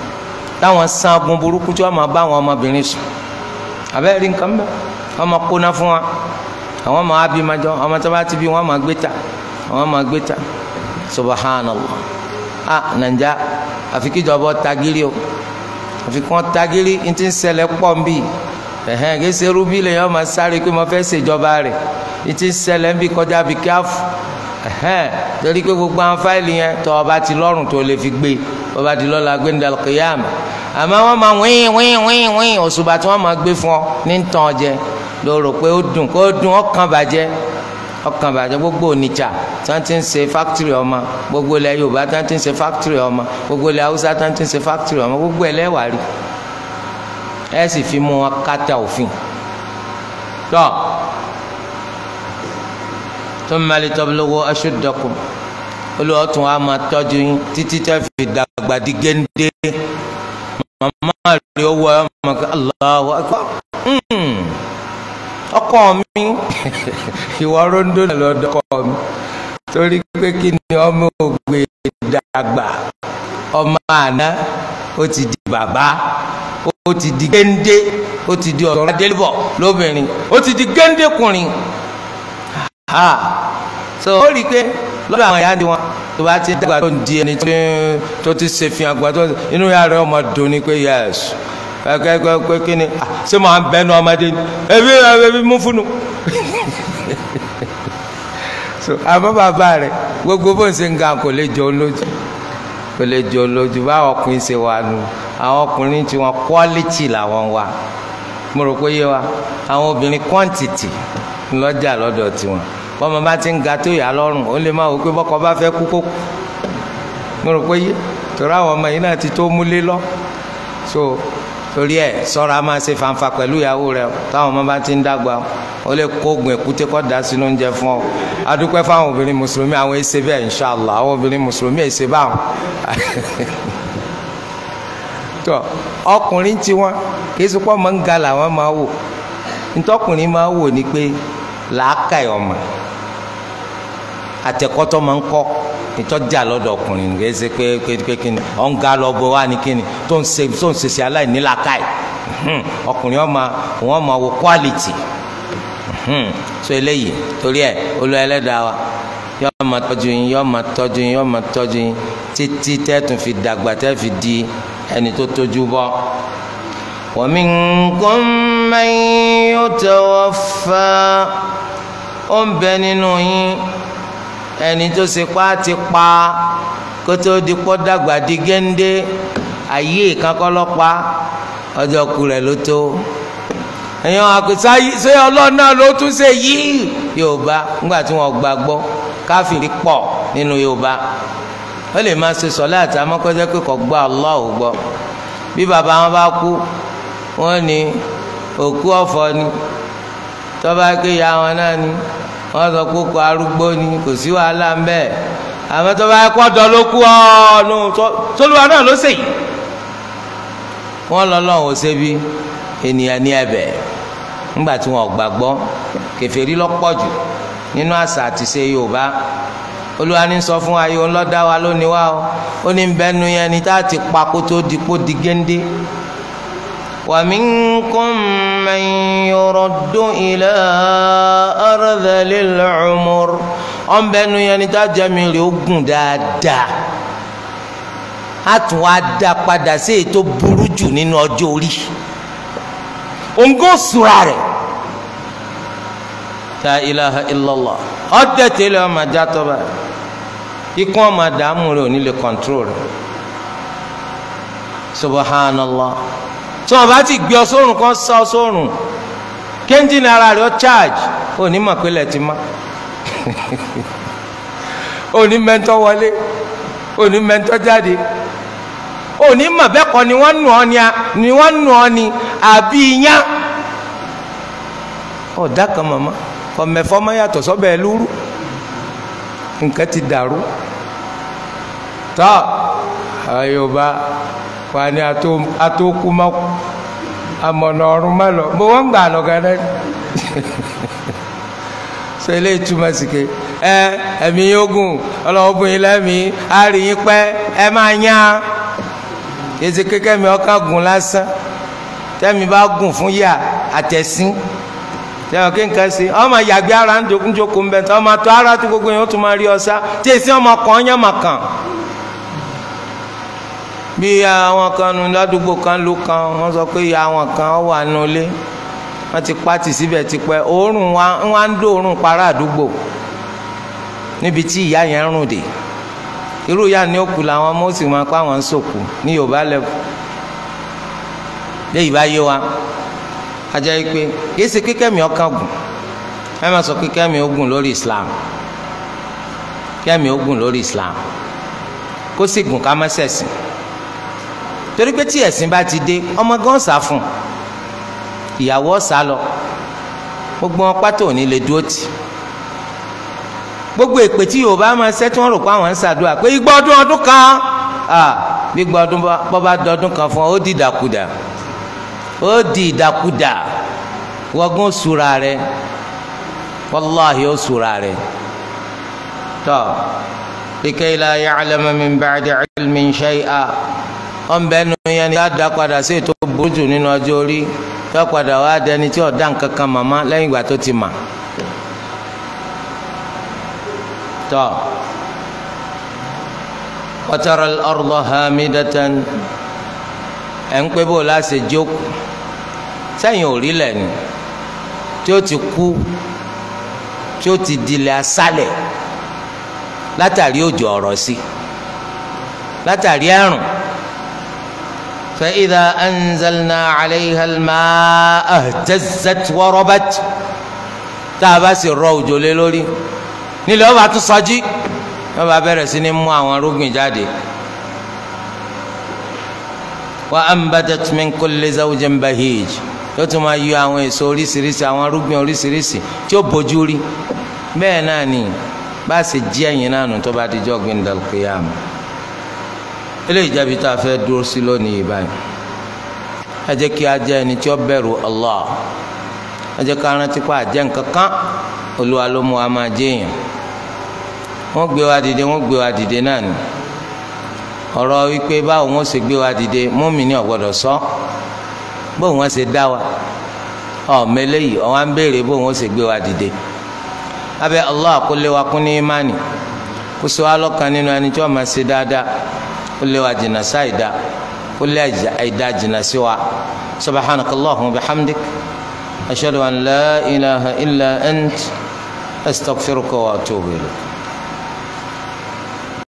Speaker 1: láwọn sangun burúkú tí wọ́n máa bá àwọn ọmọbìnrin sùn àbẹ́rẹ́ rí nǹkan bẹ́ẹ̀ wọ́n máa kóná fún wa àwọn máa bí ma jọ ọmọ tó bá ti bí wọ́n máa gbé ta wọ́n máa gbé ta subahánàlá a nàìjà àfi kíjọba tagiri o àfi kàn tagiri n ti ń ṣẹlẹ̀ pọ̀ nbí ẹ̀hẹ́n kése rúbí lè yọ máa sáré pé mo fẹ́ ṣèjọba rẹ̀ n ti ń ṣẹlẹ̀ nbí kọjá bí káfù ẹ̀hẹ́n torí pé gbogbo àwọn fáìlì yẹn tọ́ ọba ti lọ́rùn tó lè fi gbé ọba ti lọ́la gbé ní dàlùkìyàmù àmọ́ wọ́n máa wín wín wín wín òṣùbà tí wọ́n máa gbé fún ọ ní tàn jẹ ló rò pé ó dùn kó dùn ọkàn bàjẹ́ ọkàn bàjẹ́ gbogbo oníjà tí wọ́n ti ń ṣe fákítìrì ọmọ gbogbo ilẹ̀ Yorùbá tí wọ́n ti ń ṣe fákítìrì ọmọ gbogbo ilẹ̀ Haúsá tí wọ́n ti ń ṣe fákítìrì ọmọ gbogbo ẹlẹ́wàá rí ẹ sì fi mú wọn kátà òfin tọ́ tó ń malẹ̀ tọ́bulọ́wọ́ aṣọ dọ́kun olùwọ́tún wa máa tọ́jú yín títí tẹ́ fi dàgbà di géńdé màmá rẹ ọwọ ọmọkẹ Allahu Akbar hmm. ọkọ mi (laughs) ìwà rondo náà lọdọkọ mi torí pé kí ni ọmọ ògbè dàgbà ọmọ àná ó ti di bàbá ó ti di géńdé ó ti di ọ̀sán adélébọ̀ lóbìnrin ó ti di géńdékùnrin so ó rí i pé lọ́dọ̀ àwọn ìyá ni wọn tó bá ti dàgbà tó ń di ẹni tó ti ṣe fi àgbà tó inú ya rẹ ọmọ dùn ni pé yẹs kẹkẹkẹ kí ni ah, ṣé màá bẹnu ọmọdé ni ebi ebi mú fúnu (laughs) so àmọ́ bàbá rẹ̀ gbogbo bó ń ṣe ń ga kò lè jọ lójú kò lè jọ lójú báwọn ọkùnrin ṣe wà nù àwọn ọkùnrin tí wọn quality làwọn wà mo rò pé yé wa àwọn obìnrin quantity ńlọ́jà lọ́dọ̀ tiwọn bọ́mọ bá ti ń ga tó yà lọ́rùn ó lè má wò pé bọ́kọ bá fẹ́ kú kó kú mo rò pé yé torí àwọn ọmọ yìí náà ti tó múlé lọ so torí ẹ ṣọ́ra máa ṣe fanfa pẹ̀lú ìyàwó rẹ táwọn ọmọ bá ti ń dàgbà ó lè kó oògùn èkúté kó dà sínú oúnjẹ fún ọ adúpẹ́ fáwọn obìnrin mùsùlùmí àwọn èsè bẹ́ẹ̀ inṣàlá àwọn obìnrin mùsùlùmí èsè báwọn tó ọkùnrin tiwọn kì í sọ pé ọmọ ń ga làwọn máa wò ntọ́kùnrin máa wò ni pé làákàyè ọmọ àtẹkọtọ máa ń kọ ìtọ́jà lọ́dọ̀ ọkùnrin nìyẹn ṣe pé pé pé kí ni ọ̀n ga lọ́gbọ̀ wá ní kí ni tó ń ṣe tó ń ṣe ṣe aláìnílàkàì ọkùnrin ọmọ wọn máa wo quality so eléyìí torí ẹ olú ẹlẹ́dàá wa yọ́ọ́ máa tọ́jú yín yọ́ọ́ máa tọ́jú yín yọ́ọ́ máa tọ́jú yín títí tẹ́tùn fi dàgbà tẹ́ fi di ẹni tó tójú bọ́. wa minkum man yutawaffa ó ń bẹ nínú yín ẹni tó ṣe pa ti pa kótó di pọ́ dàgbà di géńdé ayé kankọlọ́pa ọjọ́ ku rẹ̀ ló tó èèyàn àkùsá ṣé ọlọ́run náà ló tún ṣe yìí yorùbá nígbà tí wọ́n gbàgbọ́ káfíìrì pọ̀ nínú yorùbá ó lè máa ṣe sọ́lá àti amọ́kọ́jẹ́ pé kò gbọ́ Allah ò gbọ́ bí bàbá wọn bá kú wọ́n ní òkú ọ̀fọ̀ ni tọ́ba pé ìyá wọn náà ni wọ́n sọ pé kó arúgbó ni kò sí wàhálà ń bẹ àmọ́ tó bá kọ́ dọ̀ ló kú ọ̀nù sólùwà náà ló sèyí. wọ́n lọ lọ́hùn ó ṣe bí ènìyàn ní ẹ̀bẹ̀ nígbà tí wọn ò gbàgbọ́ kèfèrí nínú àṣà àti ṣe Yorùbá olúwa ní sọ fún wa yìí ó ń lọ́ dá wa lónìí wa ó ní bẹ́ẹ̀ nu yẹn ni tá a ti pa kó tó di kó di géńdé. ومنكم من يرد إلى أرذل العمر ọ̀n bẹnu yẹn ni tá jẹ́mi rè ogun dáadáa a tún wá dá padà sí èyí tó burú jù nínú ọjọ́ orí òǹgó sùrà rẹ̀ ta ilaha illallah ọ̀dẹ̀ tẹ́lẹ̀ ọmọ ajá tọ́ba ikú ọmọ àdàmú rẹ̀ ò ní lè kọ́ńtrol rẹ̀ subhanallah. tí ti gbé ọ kan sá ọ sórùn kéńjìn ara rẹ ọ charge òní mọ̀ pé ti má òní (laughs) wọlé òní jáde òní mọ̀ bẹ́ẹ̀ kọ́ ni wọ́n nù ọ ni abi wọ́n nù ọ́ ni àbí iyán ọ̀dà kan má yàtọ̀ sọ́bẹ̀ lúrú nǹkan ti dàrú tọ́ wà ní atókú amọ̀nà ọ̀run má lọ bó wọ́n ń gbà lọ́gà (laughs) so ilé ìtumọ̀ sí ẹ ẹ̀mí yóò gùn ọlọ́wọ́ bóyin lẹ́mìí pẹ́ ẹ máa nya èsì kékeré mi ọkàn gùn lásán tẹ́mi bá gùn fún yà àtẹ̀sín tẹ́wọ̀n kí n ọmọ yàgbé ara ń dogunjoko ń bẹ̀ tọ́ ara tó gbogbo yẹn ó tún máa rí ọ sá kàn. bí àwọn kan nu ládùúgbò kan ló kan wọ́n sọ pé ìyá àwọn kan wà nulẹ̀ wọ́n ti pàtì síbẹ̀ tipẹ́ òórùn wa wọ́n á ń dòórùn para àdúgbò níbi tí ìyá yẹn ń rùn dé irú ìyá ni ó kù làwọn ọmọ òsì máa pa àwọn ń sòkù ní yorùbá lẹ́fù léyìí bá yé wa ajá yìí pé kìí ṣe kíkẹ́mi ọkàn gùn ẹ má sọ kíkẹ́mi ogun lórí Islam kíkẹ́mi ogun lórí Islam kó sì gùn ká má ṣẹ̀sìn torí pé tí ẹ̀sìn bá ti dé ọmọ gan sá fún ìyàwó sá lọ gbogbo wọn pátó ò ní lè dúró tì gbogbo èpè tí Yorùbá máa ṣẹ́ tí wọ́n rò pé àwọn ń ṣàdúrà pé igbó ọdún ọdún kan bí igbó ọdún bọ́ bá dọdún kan fún ọ ó di ìdàkudà ó di ìdàkudà wọ́gún sùúrà rẹ̀ wàláhi ó sùúrà rẹ̀ tọ́ likay la ya'lama min ba'di ilmin shay'a ọ̀nbẹ nu yẹn ni yóò dá padà sí ètò burúkú nínú ọjọ́ orí yóò padà wá dẹni tí ọ̀dá nǹkan màmá lẹ́yìn ìgbà tó ti mà. tọ́ ọ̀tọ̀rọ̀ ọ̀rọ̀ hamidatan ẹ̀ ń pẹ́ bó o láṣẹ jókòó sẹ́yìn ò rí lẹ̀ tí ó ti kú tí ó ti dilẹ̀ asálẹ̀ látàrí òjò ọ̀rọ̀ sí látàrí ẹ̀rùn. فإذا أنزلنا عليها الماء اهتزت وربت tá a bá sì rọ òjò lé lórí nílẹ̀ ọba tún sọjí wọ́n bá bẹ̀rẹ̀ sí ní mú àwọn arúgbìn jáde. wa ambatat min kulli zawjin bahij tó tún máa yọ àwọn èso oríṣiríṣi àwọn arúgbìn oríṣiríṣi tí ó bójú rí bẹ́ẹ̀ náà ni bá a sì jí ẹ̀yìn náà nù tó bá ti jọ́ gbẹ̀ndàlùkìyàmù eléyìí jẹ́ ibi tá a fẹ́ dúró sí lónìí báyìí ẹ jẹ́ kí a jẹ́ ẹni tí ó bẹ̀rù Allah ẹ jẹ́ ká rántí pa àjẹ́ nǹkan kan olúwa ló mú wa máa jẹ́yàn wọ́n gbé wa dìde wọ́n gbé wa dìde náà ni ọ̀rọ̀ wípé báwo wọ́n ṣe gbé wa dìde mùmínì ò gbọ́dọ̀ sọ bóun wọ́n ṣe dá wa ọmọ eléyìí ń béèrè bóun wọ́n ṣe gbé wa dìde abẹ́ Allah kó wa kún ní imáni kó sọ wa lọ́kàn nínú ẹni tí wọ́n máa ṣe dáadáa. ولوا جناسايدا ولاج ايدا جناسوا سبحانك اللهم وبحمدك اشهد ان لا اله الا انت استغفرك واتوب اليك